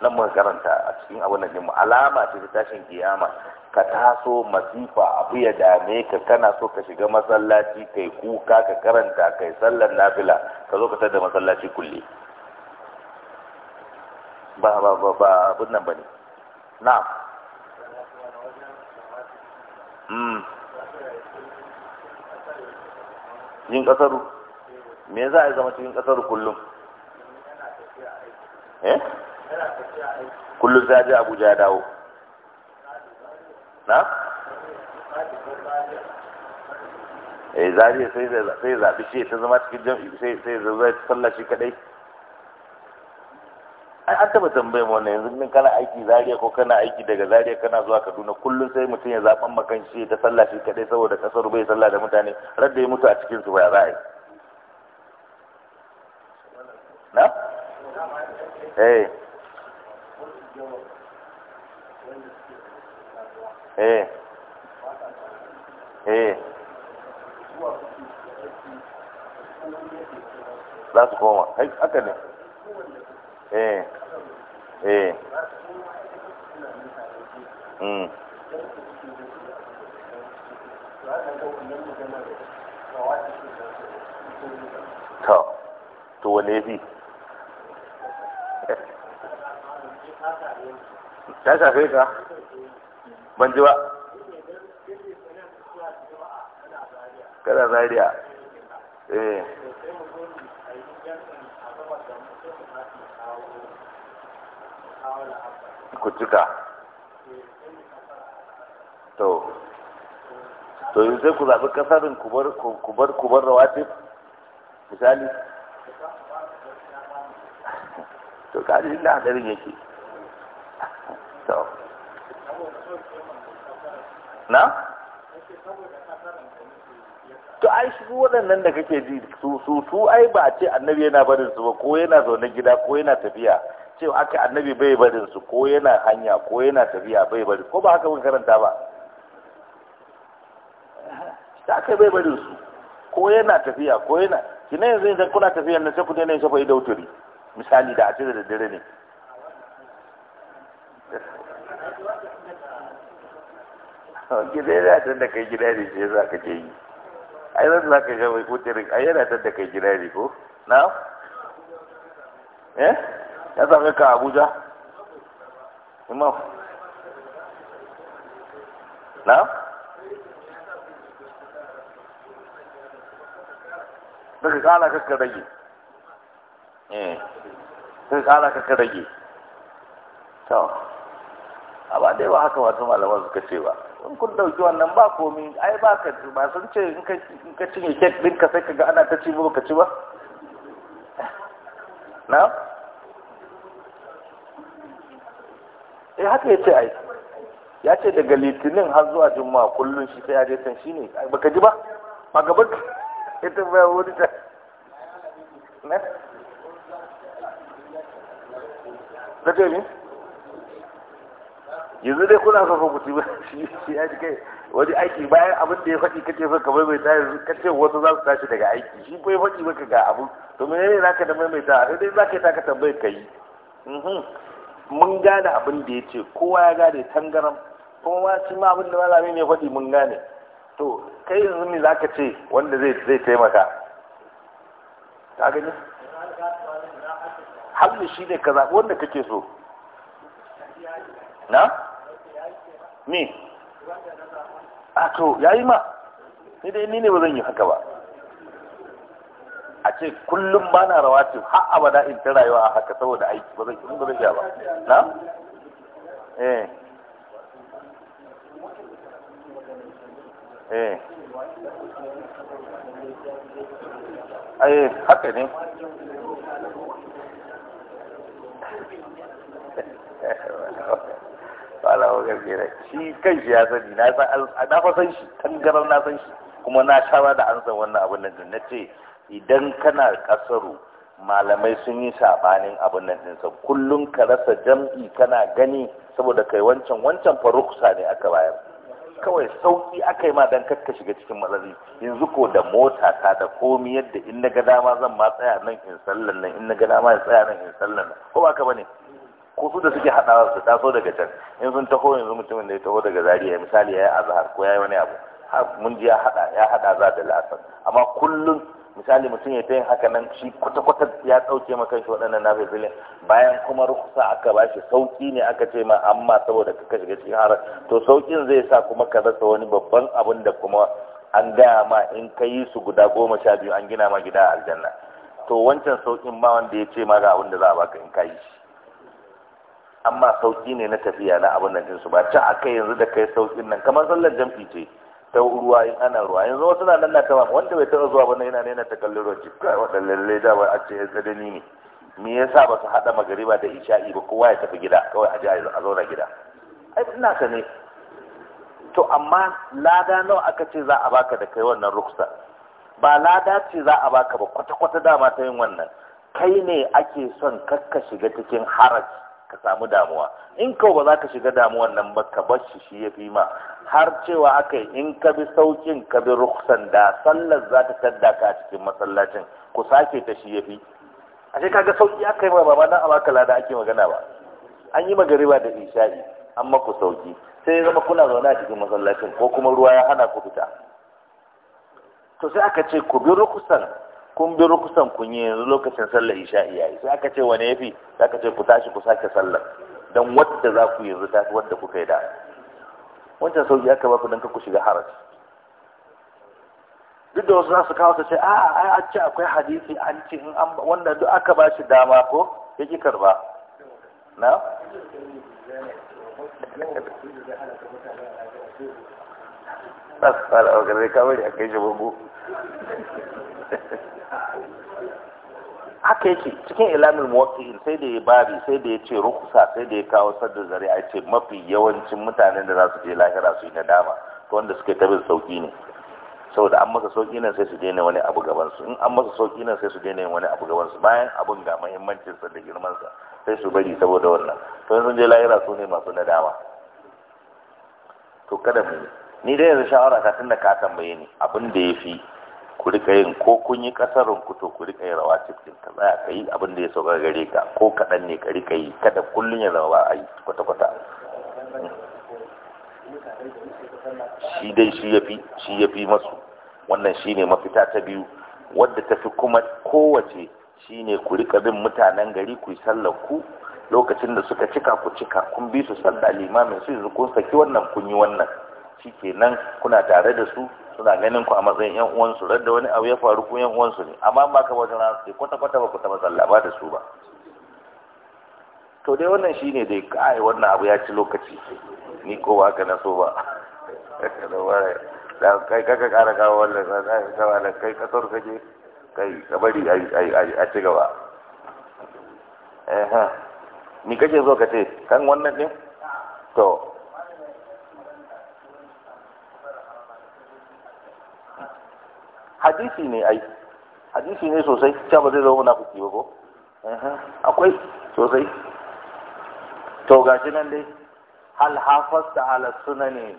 nan mun karanta a cikin abin nan mu alama ce ta tashin kiyama ka taso masifa abu ya dame ka kana so ka shiga masallaci kai kuka ka karanta kai sallar nafila ka zo ka tada masallaci kulle ba ba ba ba abin nan ba ne na yin hmm. kasaru me za a yi zama cikin kasaru kullum eh kullum sai je Abuja ya dawo na eh zariya sai sai zabi shi ta zama cikin jam'i sai sai zai sallaci kadai ai an taba tambayar wannan yanzu din kana aiki Zariya ko kana aiki daga Zariya kana zuwa kaduna kullum sai mutum ya zaɓan makan shi ta sallah shi kadai saboda kasar bai sallah da mutane radda ya mutu a cikin su ba za a yi na eh eh eh za su koma haka ne eh eh mm to to wane bi ta shafe ka ban ji ba kada zariya eh ku cika to to yi zai ku zaɓi kasarin kubar kubar rawatif misali (laughs) to kaji inda hadarin yake (laughs) to na to ai shi waɗannan da kake ji su su ai ba a ce annabi yana barin su ba ko yana zaune gida ko yana tafiya cewa aka annabi bai barin su ko yana hanya ko yana tafiya bai bari ko ba haka mun karanta ba ta aka bai barin su ko yana tafiya ko yana kina yanzu idan kuna tafiya na sai ku daina shafa ido turi misali da a ce da dare ne dai da tun da kai gida ne sai za ka je yi ai zan za ka shafa ido turi ai yana tan da kai gida ne ko na eh ya sa ka abuja imam na daga kala kakka rage eh sai kala kakka rage to a ba dai ba haka wasu malaman suka ce ba in kun dauki wannan ba komi ai ba ka ba sun ce in ka cinye kek ɗinka sai ka ga ana ta ci ba ka ci ba na eh haka ya ce ai ya ce daga litinin har zuwa juma'a kullum shi sai ya je can shine baka ji ba ba baka ita ba wani ta na ke ne yanzu dai kuna son ku ba shi ya ji kai wani aiki bayan abin da ya faɗi kace so ka maimaita yanzu kace wasu za su tashi daga aiki shi bai faɗi maka ga abu to menene zaka da maimaita dai zaka yi ta ka tambayi ka yi mun gane abin da ya ce kowa ya gane tangaram kuma ma shi ma abin da malami ne faɗi mun gane to kai yanzu me zaka ce wanda zai zai taimaka ka gani hannu shi ne ka zaɓi wanda kake so na me a to yayi ma ni dai ni ne ba zan yi haka ba a ce kullum ba na rawatin har abada in ta rayuwa a haka saboda aiki ba zai in ba zai ba na eh eh ai haka ne (laughs) wala wa gaskira shi kan shi ya sani na san na fa san shi tangarar na san shi kuma na shawara da an san wannan abin nan na ce idan kana kasaru malamai sun yi sabanin abin nan ɗinsa kullum ka rasa jam'i kana gani saboda kai wancan wancan faruksa ne aka bayar kawai sauki aka yi ma dan kakka shiga cikin matsari yanzu ko da mota ta da komi yadda in na ga dama zan ma tsaya nan in sallan nan in na ga dama tsaya nan in sallan nan ko ba ka bane ko su da suke haɗawa su taso daga can in sun taho yanzu mutumin da ya taho daga zariya misali ya yi azhar ko ya yi wani abu mun ji ya haɗa ya hada za da lasar amma kullum misali mutum ya ta yin haka nan shi kwata-kwata ya ɗauke maka shi waɗannan filin bayan kuma rukusa aka ba shi sauƙi ne aka ce ma amma saboda ka shiga cikin haram to sauƙin zai sa kuma ka rasa wani babban abin da kuma an gaya ma in ka yi su guda goma sha biyu an gina ma gida a aljanna to wancan sauƙin ba wanda ya ce ma ga abin da za a baka in ka yi shi amma sauƙi ne na tafiya na abin nan ɗinsu ba can aka yanzu da kai sauƙin nan kamar sallar jamfi ce ta ruwa in ana ruwa yanzu wasu na nan na kama wanda bai taɓa zuwa ba yana yana ta kallon ruwa cikin waɗanda lalle da ba a ce ya gadani ne me yasa ba su haɗa magariba da isha'i ba kowa ya tafi gida kawai a je a zauna gida ai ina ka ne to amma lada nawa aka ce za a baka da kai wannan ruksa ba lada ce za a baka ba kwata-kwata dama ta yin wannan kai ne ake son kakka shiga cikin haraji ka samu damuwa in kau ba za ka shiga damuwan nan ba ka bar shi shi ya fi ma har cewa aka yi in ka bi saukin ka bi ruksan da sallar za ta tadda ka a cikin masallacin ku sake ta shi ya fi ashe kaga sauki aka yi ba ba na abaka lada ake magana ba an yi magariba da isha'i an maku sauki sai ya zama kuna zaune a cikin masallacin ko kuma ruwa ya hana ku fita to sai aka ce ku bi ruksan kun bi rukusan kun yi yanzu lokacin sallar isha yi sai aka ce wane yafi sai aka ce ku tashi ku sake sallar dan wadda za ku yanzu ta wadda kuka yi da wancan sauki aka ba ku dan ku shiga haraji duk da wasu za su kawo su ce a a a ce akwai hadisi an ce in an wanda duk aka ba shi dama ko ya ki karba na kawai da aka yi shi je (laughs) haka yake cikin ilamin mawaki sai da ya bari sai da ya ce rukusa sai da ya kawo sadda zare a ce mafi yawancin mutanen da za su je lahira su yi dama, to wanda suke tabin sauki ne saboda an masa sauki nan sai su daina wani abu gaban su in an masa sauki nan sai su daina wani abu gaban su bayan abun ga muhimmancin sa da girman sa sai su bari saboda wannan to sun je lahira su ne masu nadama to kada mu ni dai yanzu shawara ka tunda ka tambaye ni abin da ya fi. ku rika yin ko kun yi kasarun ku to ku rika yin rawa cikin ka tsaya ka yi abin da ya sauka gare ka ko kaɗan ne ka rika yi kada kullum ya zama ba a yi kwata-kwata shi dai shi ya fi shi ya fi masu wannan shi ne mafita ta biyu wadda ta fi kuma kowace shi ne ku rika bin mutanen gari ku yi sallar ku lokacin da suka cika ku cika kun bi su sallar limamin su yanzu kun saki wannan kun yi wannan shikenan kuna tare da su suna ganin ku a matsayin yan uwansu radda wani abu ya faru ku yan uwansu ne amma ba ka wajen rana sai kwata kwata ba ku taba sallah ba da su ba to dai wannan shine dai kai wannan abu ya ci lokaci ni ko ba ka na so ba da (laughs) kai kaka kara kawo wannan sai ka ba kai kasar kaje kai ka bari a ci gaba eh ha ni kake so ka ce kan wannan din to hadisi ne ai hadisi ne sosai Ta ba zai zama munafiki ba ko akwai sosai to ga shi nan dai hal hafaz ta ala sunani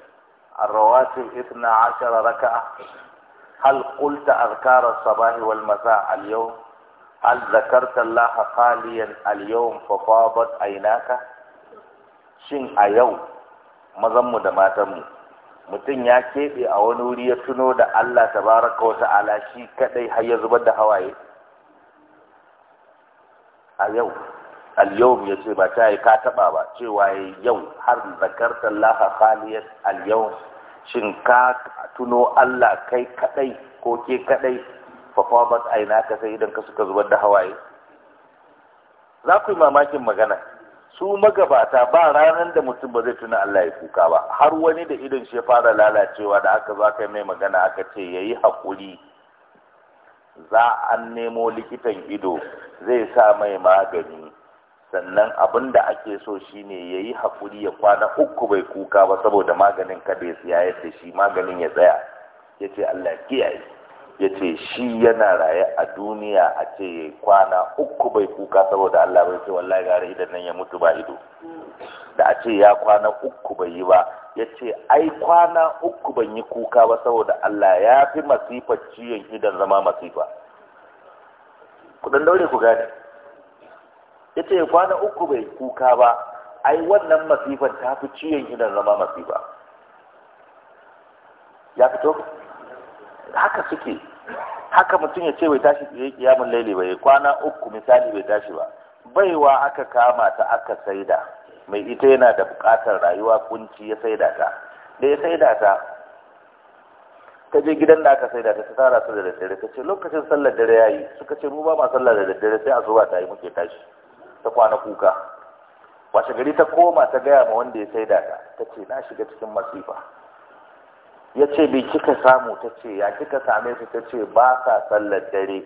arrawatil ithna ashara raka'a hal qulta azkara sabahi wal masa al yawm hal zakarta allaha qaliyan al yawm fa fadat aynaka shin a yau mazan mu da matan mu mutum ya keɓe a wani wuri ya tuno da Allah tabaraka wa ta'ala shi kadai har ya zubar da hawaye a yau al-yawm yace ba ta yi ka taba ba cewa yau har zakarta Allah khaliyat al-yawm shin ka tuno Allah kai kadai ko ke kadai fa aina ka sai idan ka suka zubar da hawaye za ku yi mamakin magana su magabata ba ranar da mutum ba zai tuna Allah ya kuka ba har wani da idan shi fara lalacewa da aka za ka mai magana aka ce ya yi haƙuri za a nemo likitan ido zai sa mai magani sannan abin da ake so shine ya yi haƙuri ya kwana uku bai kuka ba saboda maganin kada ya siya da shi maganin ya tsaya ya ce Allah kiyaye ya ce shi yana raye a duniya a ce kwana uku bai kuka saboda Allah bai ce wallahi gare idan nan ya mutu ba ido da a ce ya kwana uku bai yi ba ya ce ai kwana uku ban yi kuka ba saboda Allah ya fi masifar ciyon idan zama masifa kudin daure ku gane ya ce kwana uku bai kuka ba ai wannan masifar ta fi ciyon idan zama masifa ya fito haka suke haka mutum ya ce bai tashi ya kiyamun laili ya kwana uku misali bai tashi ba baiwa aka kama ta aka saida mai ita yana da bukatar rayuwa kunci ya saida ta da ya saida ta ta je gidan da aka saida ta ta tara su da daddare ta ce lokacin sallar dare yayi suka ce mu ba ma sallar da daddare sai asuba ta yi muke tashi ta kwana kuka washe gari ta koma ta gaya ma wanda ya saida ta ta ce na shiga cikin masifa ya ce bai kika samu ta ce ya kika same su ta ce ba sa sallar dare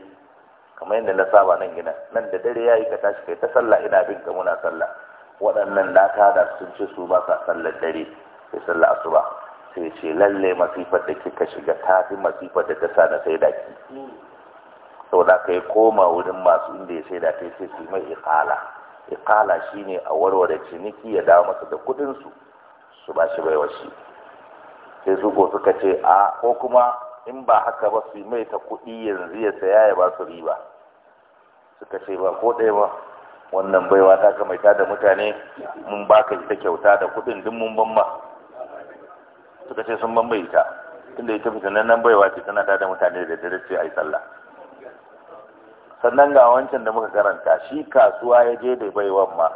kamar yadda na saba nan gina nan da dare ya yi ka tashi kai ta sallah ina bin ka muna sallah waɗannan na da sun ce su ba sa sallar dare sai sallah ba sai ce lalle masifar da kika shiga ta fi masifar da ta sa na sai da ki sau da ka yi koma wurin masu inda ya sai da ta sai su mai ikala ikala shine a warware ciniki ya dawo masa da kuɗinsu su ba shi baiwa shi sai su ko suka ce a ko kuma in ba haka ba su yi mai ta kuɗi yanzu ya saya ya ba su riba suka ce ba ko ɗaya ba wannan baiwa ta ka da mutane mun ba ka ita kyauta da kuɗin duk mun ban ba suka ce sun ban mai ita tunda ita fitinan nan baiwa ce tana da mutane da dare ce a yi sallah sannan ga wancan da muka karanta shi kasuwa ya je da baiwan ma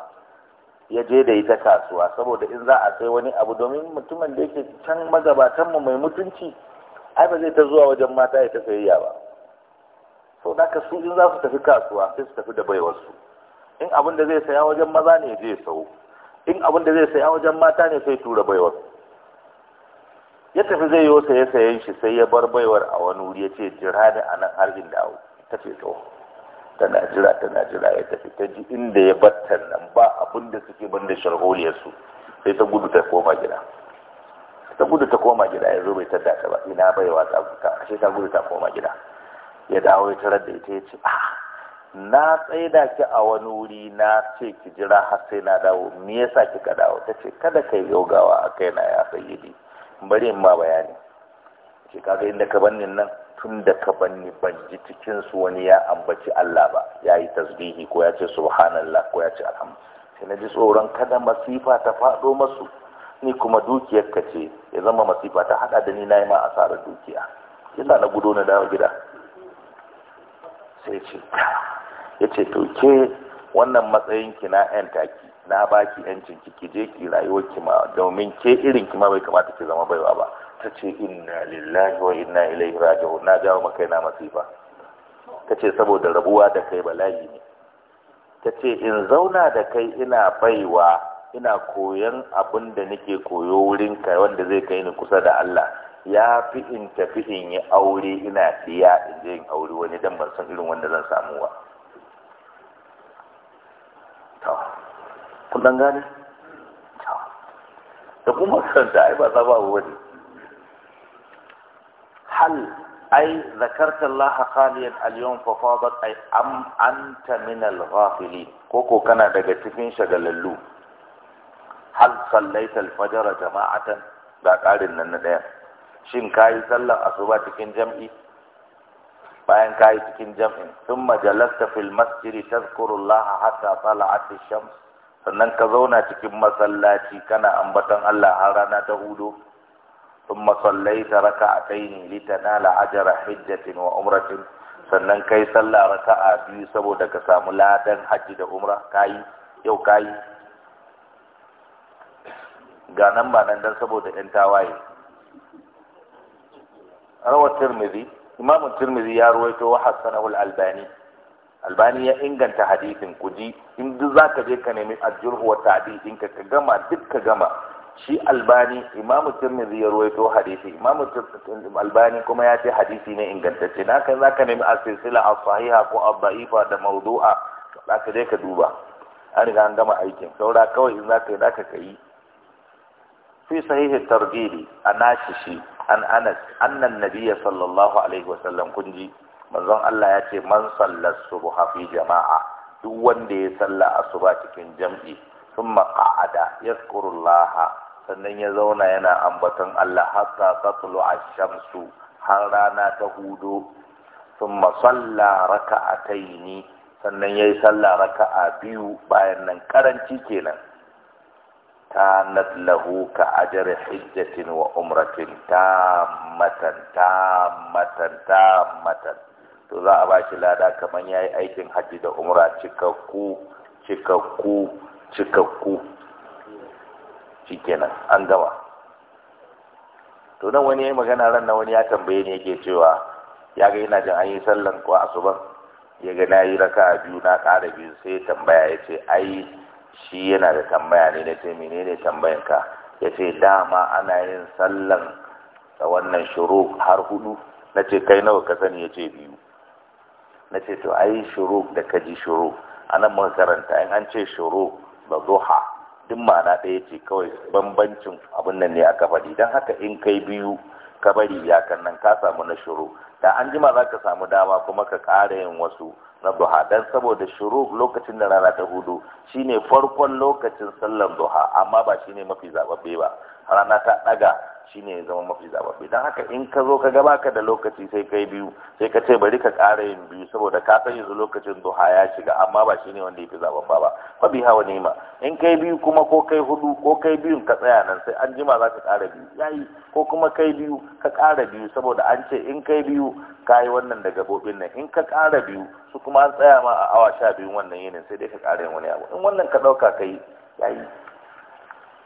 ya je da ita kasuwa saboda in za a sai wani abu domin mutumin da yake can magabatan mu mai mutunci ai ba zai ta zuwa wajen mata ya ta sayayya ba so da su in za su tafi kasuwa sai su tafi da baiwarsu in abin da zai saya wajen maza ne zai sau in abin da zai saya wajen mata ne sai tura baiwar ya tafi zai yi saye sayen shi sai ya bar baiwar a wani wuri ya ce jira da anan har in ta ce tsohon tana jira tana jira ya tafi ta ji inda ya batta nan ba abin da suke ban da sharholiyarsu sai ta gudu ta koma gida ta gudu ta koma gida ya zo bai tadda ta ba ina bai wata ta ashe ta gudu ta koma gida ya dawo ya tarar da ita ya ce ah na tsaida ki a wani wuri na ce ki jira har sai na dawo me yasa kika dawo ta ce kada kai yogawa a kai na, ya sayyidi bari in ma bayani ce kaga inda ka bannin nan tun da ka banni ban ji cikin su wani ya ambaci Allah ba ya yi tasbihi ko ya ce subhanallah ko ya ce alhamdu sai na ji tsoron kada masifa ta faɗo masu ni kuma dukiyar ka ce ya zama masifa ta haɗa da ni na yi ma asarar dukiya ina na gudo na dawo gida sai ce ya ce to ke wannan matsayin ki na yan taki na baki yancin ki ki je ki rayuwar ki ma domin ke irin ki ma bai kamata ki zama baiwa ba ta ce inna lillahi wa inna ilaihi raji'un na ga maka ina masifa ta ce saboda rabuwa da kai bala'i ne ta ce in zauna da kai ina baiwa ina koyon abin da nake koyo wurin kai wanda zai kai ni kusa da Allah ya fi in tafi in yi aure ina diya in je in aure wani dan ban san irin wanda zan samu ba Ta kun dan gane da kuma san da ai ba za ba wani hal ai zakarta Allah khaliyan al-yawm fa fadat ai am anta min al koko kana daga cikin shagalallu hal sallaita al-fajr jama'atan ga ƙarin nan na ɗaya shin kayi sallar asuba cikin jam'i bayan kayi cikin jam'in sun majalasta fil masjidi tazkurullah hatta tala'at ash-shams sannan ka zauna cikin masallaci kana ambaton Allah har rana ta hudu ثم صليت ركعتين لتنال أجر حجة وعمرة sannan kai sallah raka'a biyu saboda ka samu ladan hajji da umra kayi yau kayi ga nan ba nan dan saboda ɗan tawaye Rawa tirmidhi imamu tirmidhi ya ruwaito wa hassanahu al-albani albani ya inganta hadisin kuji in duk zaka je ka nemi ajurhu wa ta'dil ka gama duk ka gama shi albani imamu tirmidhi ya ruwaito hadisi imamu albani kuma ya ce hadisi ne ingantacce na kan ka nemi a silsila a sahiha ko a daifa da mawdu'a ka dai ka duba an riga an gama aikin saura kawai in za ka yi ka kai fi sahihi targhib anashi shi an anas annan an sallallahu alaihi wa sallam kun kunji manzon Allah ya ce man sallar subha fi jama'a duk wanda ya salla asuba cikin jam'i ثم قعد يذكر sannan ya zauna yana ambaton Allah hatta tatlu ash-shamsu har rana ta hudo thumma salla taini, sannan yayi salla raka'a biyu bayan nan karanci kenan ta lahu ka ajri hijjatin wa umratin tammatan tammatan tammatan to za a shi lada kaman yayi aikin hajji da umra cikakku cikakku cikakku kenan an gama to nan wani yayi magana ran na wani ya tambaye ni yake cewa ya ga ina jin an yi sallan ko asuban ya ga na yi raka biyu na ƙara biyu sai tambaya ya ce ai shi yana da tambaya ne na ce menene tambayan ka ya ce dama ana yin sallan da wannan shuru har hudu na ce kai nawa ka sani ya ce biyu na ce to ai shuru da kaji shuru a nan muka karanta in an ce shuru da zuha duk ma'ana ɗaya ce kawai bambancin abin nan ne aka faɗi don haka in kai biyu ka bari iyakan nan ka samu na shuru da an jima za ka samu dama kuma ka ƙara yin wasu na duha don saboda shuru lokacin da rana ta hudu shine farkon lokacin sallar duha amma ba shine mafi zababbe ba rana ta ɗaga shine ya zama mafi zababbe don haka in ka zo ka gaba ka da lokaci sai kai biyu sai ka ce bari ka ƙara yin biyu saboda ka san yanzu lokacin duha ya shiga amma ba shine wanda ya fi zababba ba fa bi hawa nema in kai biyu kuma ko kai hudu ko kai biyun ka tsaya nan sai an jima za ka ƙara biyu yayi ko kuma kai biyu ka ƙara biyu saboda an ce in kai biyu ka yi wannan da gabobin nan in ka ƙara biyu su kuma an tsaya ma a awa sha biyu wannan yinin sai dai ka ƙara yin wani abu in wannan ka ɗauka ka yi yayi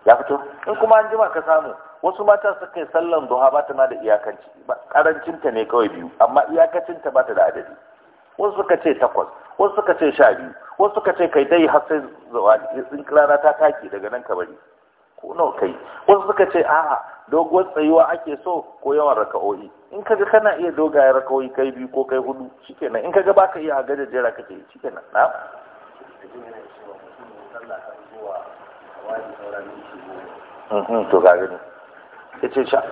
ya fito in kuma an jima ka samu wasu mata su kai sallan duha ba ta da iyakanci ba karancinta ne kawai biyu amma iyakacinta ba ta da adadi wasu suka ce takwas wasu suka ce sha biyu wasu suka ce kai dai har sai zuwa in kirana ta take daga nan ka bari ko nawa kai wasu suka ce a'a doguwar tsayuwa ake so ko yawan raka'o'i in kaga kana iya dogayen raka'o'i kai biyu ko kai hudu shikenan in kaga baka iya a gajejjera kake shikenan na to ga gani ya ce shek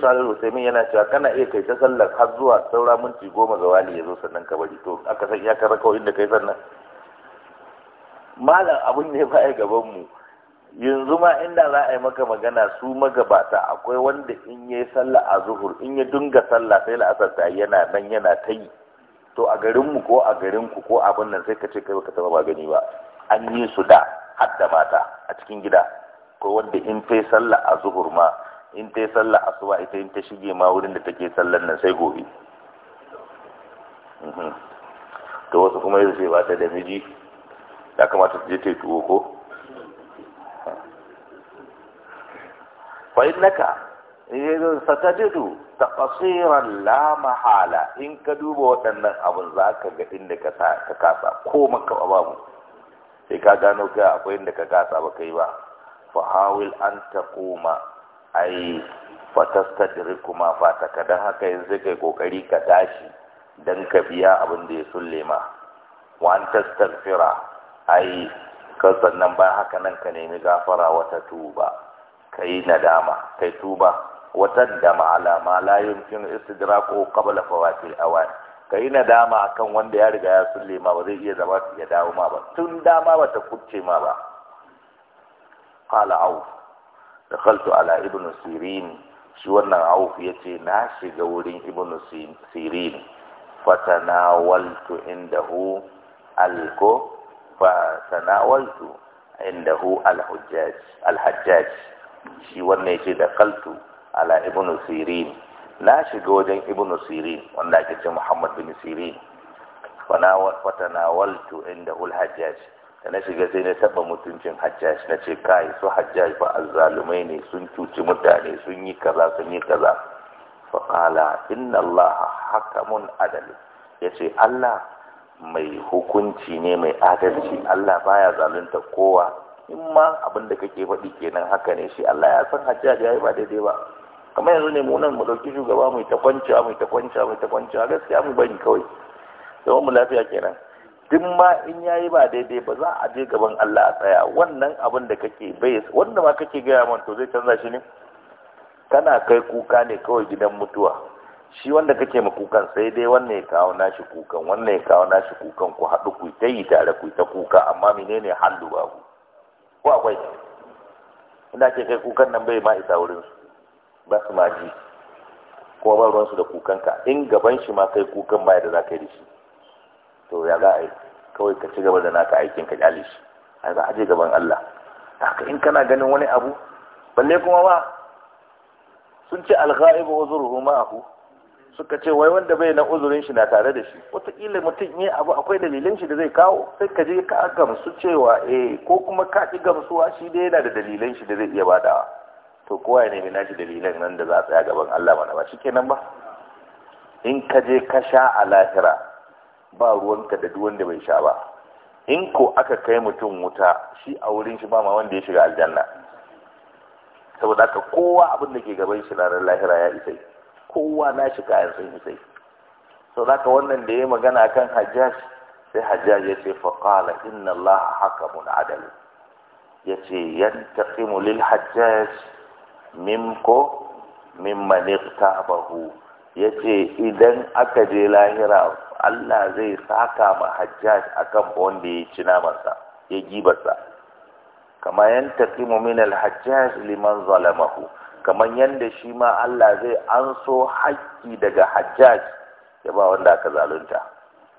salil usaimin yana cewa kana iya kai ta sallar har zuwa saura minti goma ga wali ya zo sannan ka bari to aka san iyakar kawai inda kai sannan malam abin ne ba ya gaban mu yanzu ma inda za a yi maka magana su magabata akwai wanda in yi sallah a zuhur in ya dunga sallah sai la'asar ta yana nan yana ta yi to a garinmu ko a garinku ko abin nan sai ka ce kai baka taba ba gani ba an yi su da hadda mata a cikin gida ko wanda in ta sallah a zuhur ma in ta sallah suwa ita in ta shige ma wurin da take sallar nan sai gobe mhm. to wasu kuma yanzu sai ba ta da miji ya kamata su je ta yi tuwo ko ta in ka duba waɗannan محالة za كدوب inda ka kasa, ko كاسا كومك أبابو sai ka gano kai akwai inda ka gasa ba kai ba fa hawil an taquma ai fa fataka dan haka yanzu kai kokari ka tashi dan ka biya abin da ya sulle ma wa an tastaghfira ai ka sannan ba haka nan ka nemi gafara wata tuba kai nadama kai tuba wata dama ala ma la yumkinu istidraku qabla fawatil awani ka yi nadama a kan wanda ya riga ya sulle ma ba zai iya zama ya dawo ma ba tun dama ba ta kucce ma ba qala da kaltu ala ibn sirin shi wannan auf ce na shiga wurin ibn sirin fatanawaltu indahu alko fatanawaltu indahu alhajjaj alhajjaj shi wannan yace kaltu ala ibn sirin na shiga wajen ibn sirin wanda ake ce muhammad bin sirin waltu inda ul hajjaj da na shiga sai na taba mutuncin hajjaj na ce kai su hajjaj ba azzalumai ne sun cuci mutane sun yi kaza sun yi kaza fa qala inna allaha hakamun adali yace allah mai hukunci ne mai adalci allah baya zalunta kowa in ma abin da kake faɗi kenan haka ne shi allah ya san hajjaj yi ba daidai ba amma yanzu ne mu nan mu ɗauki shugaba mu ta kwanciya mu ta kwanciya mu ta kwanciya gaskiya mu bari kawai zaman mu lafiya kenan duk ma in yayi ba daidai ba za a je gaban Allah a tsaya wannan abin da kake bai wanda ma kake gaya man to zai canza shi ne kana kai kuka ne kawai gidan mutuwa shi wanda kake ma kukan sai dai wannan ya kawo nashi kukan wannan ya kawo nashi kukan ku haɗu ku ta yi tare ku ta kuka amma menene hallu ba ku ko akwai ina ke kai kukan nan bai ma isa wurin su ba su maji ko kuma ba ruwansu da kukanka in gaban shi ma kai kukan baya da za ka yi da shi to ya za a yi kawai ka ci gaba da naka aikin ka kyale shi a za a je gaban Allah haka in kana ganin wani abu balle kuma ba sun ce alghaibu uzruhu ma'ahu suka ce wai wanda bai na uzurin shi na tare da shi wataƙila mutum yi abu akwai dalilin shi da zai kawo sai ka je ka gamsu cewa eh ko kuma ka ki gamsuwa shi dai yana da dalilan shi da zai iya badawa to kowa ya nemi nashi dalilan nan da za a tsaya gaban Allah mana ba shi kenan ba in ka je ka sha a lahira ba ruwanka da duwanda da bai sha ba in ko aka kai mutum wuta shi a wurin shi ba ma wanda ya shiga aljanna saboda haka kowa abin da ke gaban shi ranar lahira ya isa, kowa na shi kayan sun isai saboda wannan da ya magana kan hajjaj sai hajjaj ya ce faqala inna allaha hakamun adal yace yantaqimu lil hajjaj mimko mimman iqtabahu yace idan aka je lahira Allah zai saka ma hajjaj akan wanda ya ci namarsa ya gibarsa kama kimu min alhajjaj hajjaj liman zalamahu kamar yanda shi ma Allah zai anso haƙƙi daga hajjaj ya ba wanda aka zalunta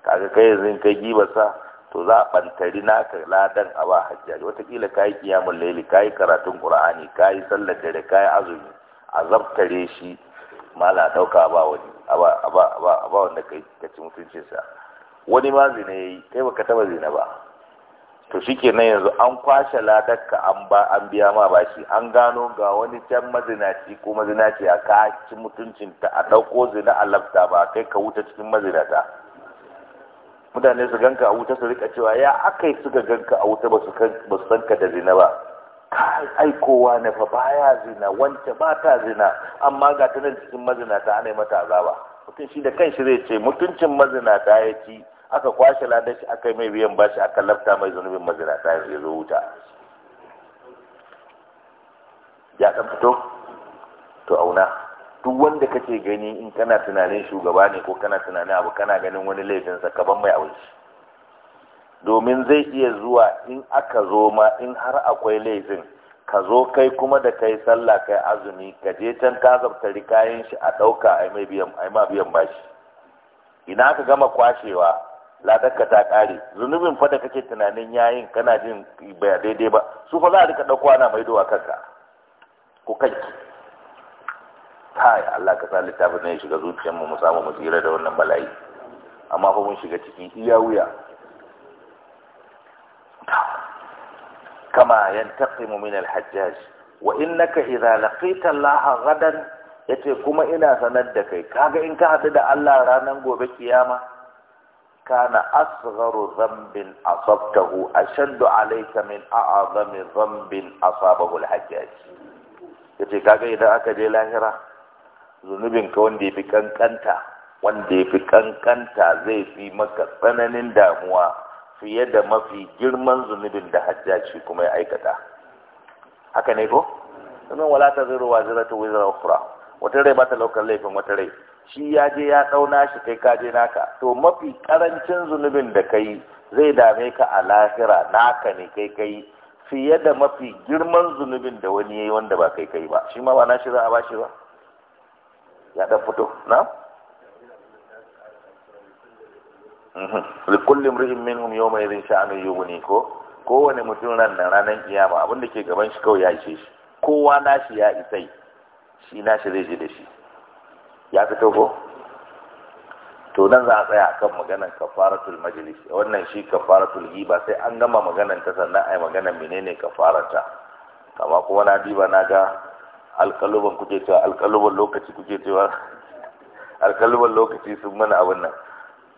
kaga kai yanzu kai gibarsa to za a ɓantari naka ladan a ba hajjaji watakila ka yi kiyamun laili ka yi karatun ƙura'ani ka yi sallar dare ka yi azumi a zabtare shi mala ɗauka ba wani a ba wanda ka ci mutuncinsa wani ma zina ya yi kai baka taba zina ba to shi kenan yanzu an kwashe ka an ba an biya ma bashi an gano ga wani can mazinaci ko mazinaci a ka ci mutuncinta a ɗauko zina a lafta ba kai ka wuta cikin mazinata mutane su ganka a wuta su rika cewa ya akai suka ganka a wuta ba su san ka da zina ba kai aikowa ne na fa baya zina wance ba ta zina amma ga ta nan cikin mazinata ana mata azaba mutum shi da kanshi zai ce mutuncin mazinata ya ci aka kwashe ladan shi aka yi mai biyan bashi aka lafta mai zunubin mazinata ya zo wuta ya kan fito to auna duk wanda kake gani in kana tunanin shugaba ne ko kana tunanin abu kana ganin wani laifinsa ka ban mai aure. domin zai iya zuwa in aka zo ma in har akwai laifin ka zo kai kuma da kai sallah kai azumi ka je can ka zabta kayan shi a ɗauka a mai biyan a ma biyan bashi ina aka gama kwashewa Ladakka ta ƙare zunubin fa da kake tunanin yayin kana jin ba daidai ba su fa za a rika dauko ana maidowa kanka ko kanki kai Allah ka sa littafin ya shiga zuciyar mu mu samu mu tsira da wannan bala'i amma fa mun shiga ciki iya wuya kama yantaqimu min al-hajjaj wa innaka idha laqita Allah gadan yace kuma ina sanar da kai kaga in ka hadu da Allah ranar gobe kiyama kana asgharu dhanbin asabtahu ashaddu alayka min a'zami dhanbin asabahu al-hajjaj yace kaga idan aka je lahira zunubinka wanda ya fi kankanta wanda ya fi kankanta zai fi maka tsananin damuwa fiye da mafi girman zunubin da hajjaci kuma ya aikata haka ne ko domin wala ta zai wa zira ta wizara ukhra wata rai ba ta laukar laifin wata rai shi ya je ya tsauna shi kai ka je naka to mafi karancin zunubin da kai zai dame ka a lahira naka ne kai kai fiye da mafi girman zunubin da wani yayi wanda ba kai kai ba shi ma ba na shi za a ba shi ba ya ɗan fito na mhm. likullim rihim minhum yawma idhin sha'anu yughni ko kowane mutum ran nan ranar kiyama abin da ke gaban shi kawai ya ishe shi kowa nashi ya isai shi nashi zai je da shi ya fito ko to nan za a tsaya akan maganar kafaratul majlis wannan shi kafaratul giba sai an gama maganar ta sannan ai maganar menene kafarata kama kuma na diba na ga alƙaluban kuke cewa alƙaluban lokaci kuke cewa alƙaluban lokaci sun mana abin nan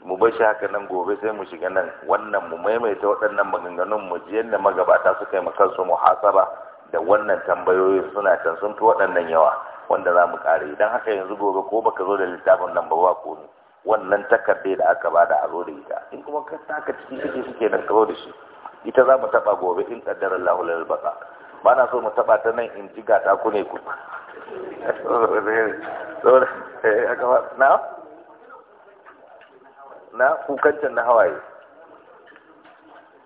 mu bar shi haka nan gobe sai mu shiga nan wannan mu maimaita waɗannan maganganun mu ji yadda magabata suka yi kansu mu hasara da wannan tambayoyin suna can sun fi waɗannan yawa wanda za mu ƙare idan haka yanzu gobe ko baka zo da littafin nan ba ba ni wannan takardai da aka bada a zo da ita in kuma ka taka ciki kake suke nan ka zo da shi ita za mu taɓa gobe in ƙaddarar lahulal baka ba na so mu taba ta nan in ji gata ku ne ku eh, na na kukancin na hawaye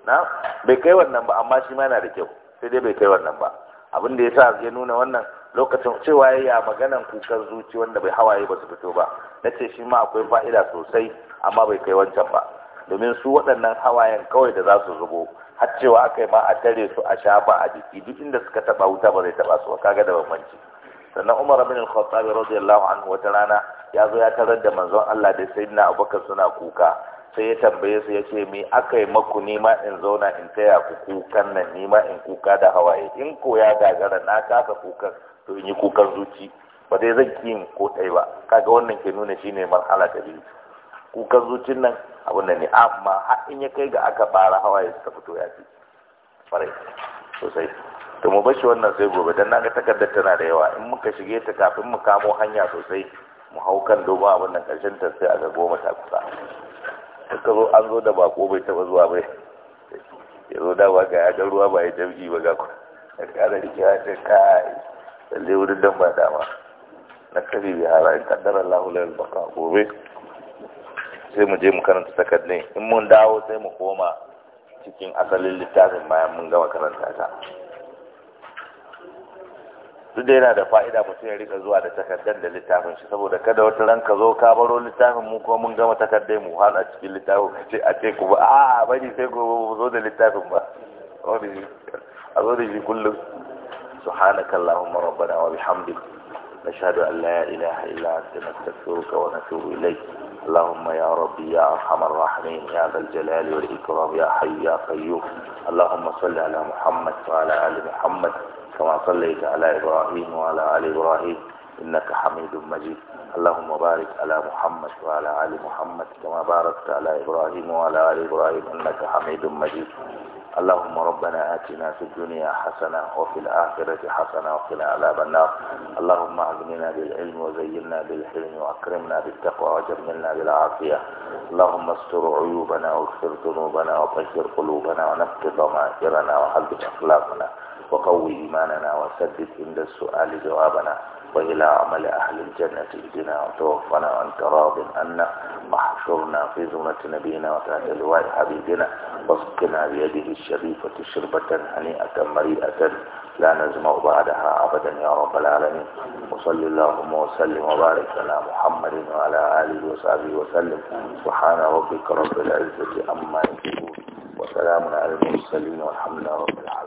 na bai kai wannan ba amma shi ma yana da kyau sai dai bai kai wannan ba abin da ya sa ya nuna wannan lokacin cewa ya maganan kukan zuci wanda bai hawaye ba su fito ba na ce shi ma akwai fa'ida sosai amma bai kai wancan ba domin su waɗannan hawayen kawai da za su zubo har cewa aka yi ma a tare su a shafa a jiki duk inda suka taɓa wuta ba zai taba su ba kaga da bambanci sannan Umar bin Al-Khattab radiyallahu anhu wata rana ya zo ya tarar da manzon Allah da sayyidina Abubakar suna kuka sai ya tambaye su yace me aka yi maku nima in zauna in taya ku kukan nan nima in kuka da hawaye in ko ya gagara na kasa kukan to in yi kukan zuci ba zai zan yin ko ɗai ba kaga wannan ke nuna shine marhala ta biyu kukan zucin nan abin da ne amma har in ya kai ga aka fara hawaye suka fito ya ce farai sosai to mu bashi wannan sai gobe dan naga takardar tana da yawa in muka shige ta kafin mu kamo hanya sosai mu hau kan dogon abin nan karshen ta sai a ga goma ta kusa ka zo an zo da bako bai taba zuwa bai ya zo da waka ya ga ruwa ba ya jam'i ba ga ku ya kara da ya ce kai lalle wurin dan ba dama na kare bihara in kaddara Allahu lil baqa gobe sai mu je mu karanta takardun in mun dawo sai mu koma cikin asalin littafin bayan mun gama karanta ta duk da yana da fa'ida mutum ya rika zuwa da takardun da littafin shi saboda kada wata ran ka zo ka baro littafin mu ko mun gama takardun mu har a cikin littafin ka ce a ce ku ba a bari sai gobe mu zo da littafin ba a zo da shi kullum سبحانك اللهم ربنا وبحمدك نشهد ان لا اله الا انت نستغفرك ونتوب اليك اللهم يا ربي يا أرحم الراحمين يا ذا الجلال والإكرام يا حي يا قيوم اللهم صل على محمد وعلى آل محمد كما صليت على إبراهيم وعلى آل إبراهيم إنك حميد مجيد اللهم بارك على محمد وعلى آل محمد كما باركت على إبراهيم وعلى آل إبراهيم إنك حميد مجيد اللهم ربنا آتنا في الدنيا حسنة وفي الآخرة حسنة وقنا عذاب النار اللهم أعلمنا بالعلم وزينا بالحلم وأكرمنا بالتقوى وجملنا بالعافية اللهم استر عيوبنا واغفر ذنوبنا وطهر قلوبنا ونقض ضمائرنا وحبب أخلاقنا وقوي إيماننا وسدد عند السؤال جوابنا وإلى عمل أهل الجنة اهدنا وتوفنا وأنت راض أن محشرنا في زمرة نبينا وتحت لواء حبيبنا واسقنا بيده الشريفة شربة هنيئة مريئة لا نزمع بعدها أبدا يا رب العالمين وصل اللهم وسلم وبارك على محمد وعلى آله وصحبه وسلم سبحان ربك رب العزة أما يكفون وسلام على المرسلين والحمد لله رب العالمين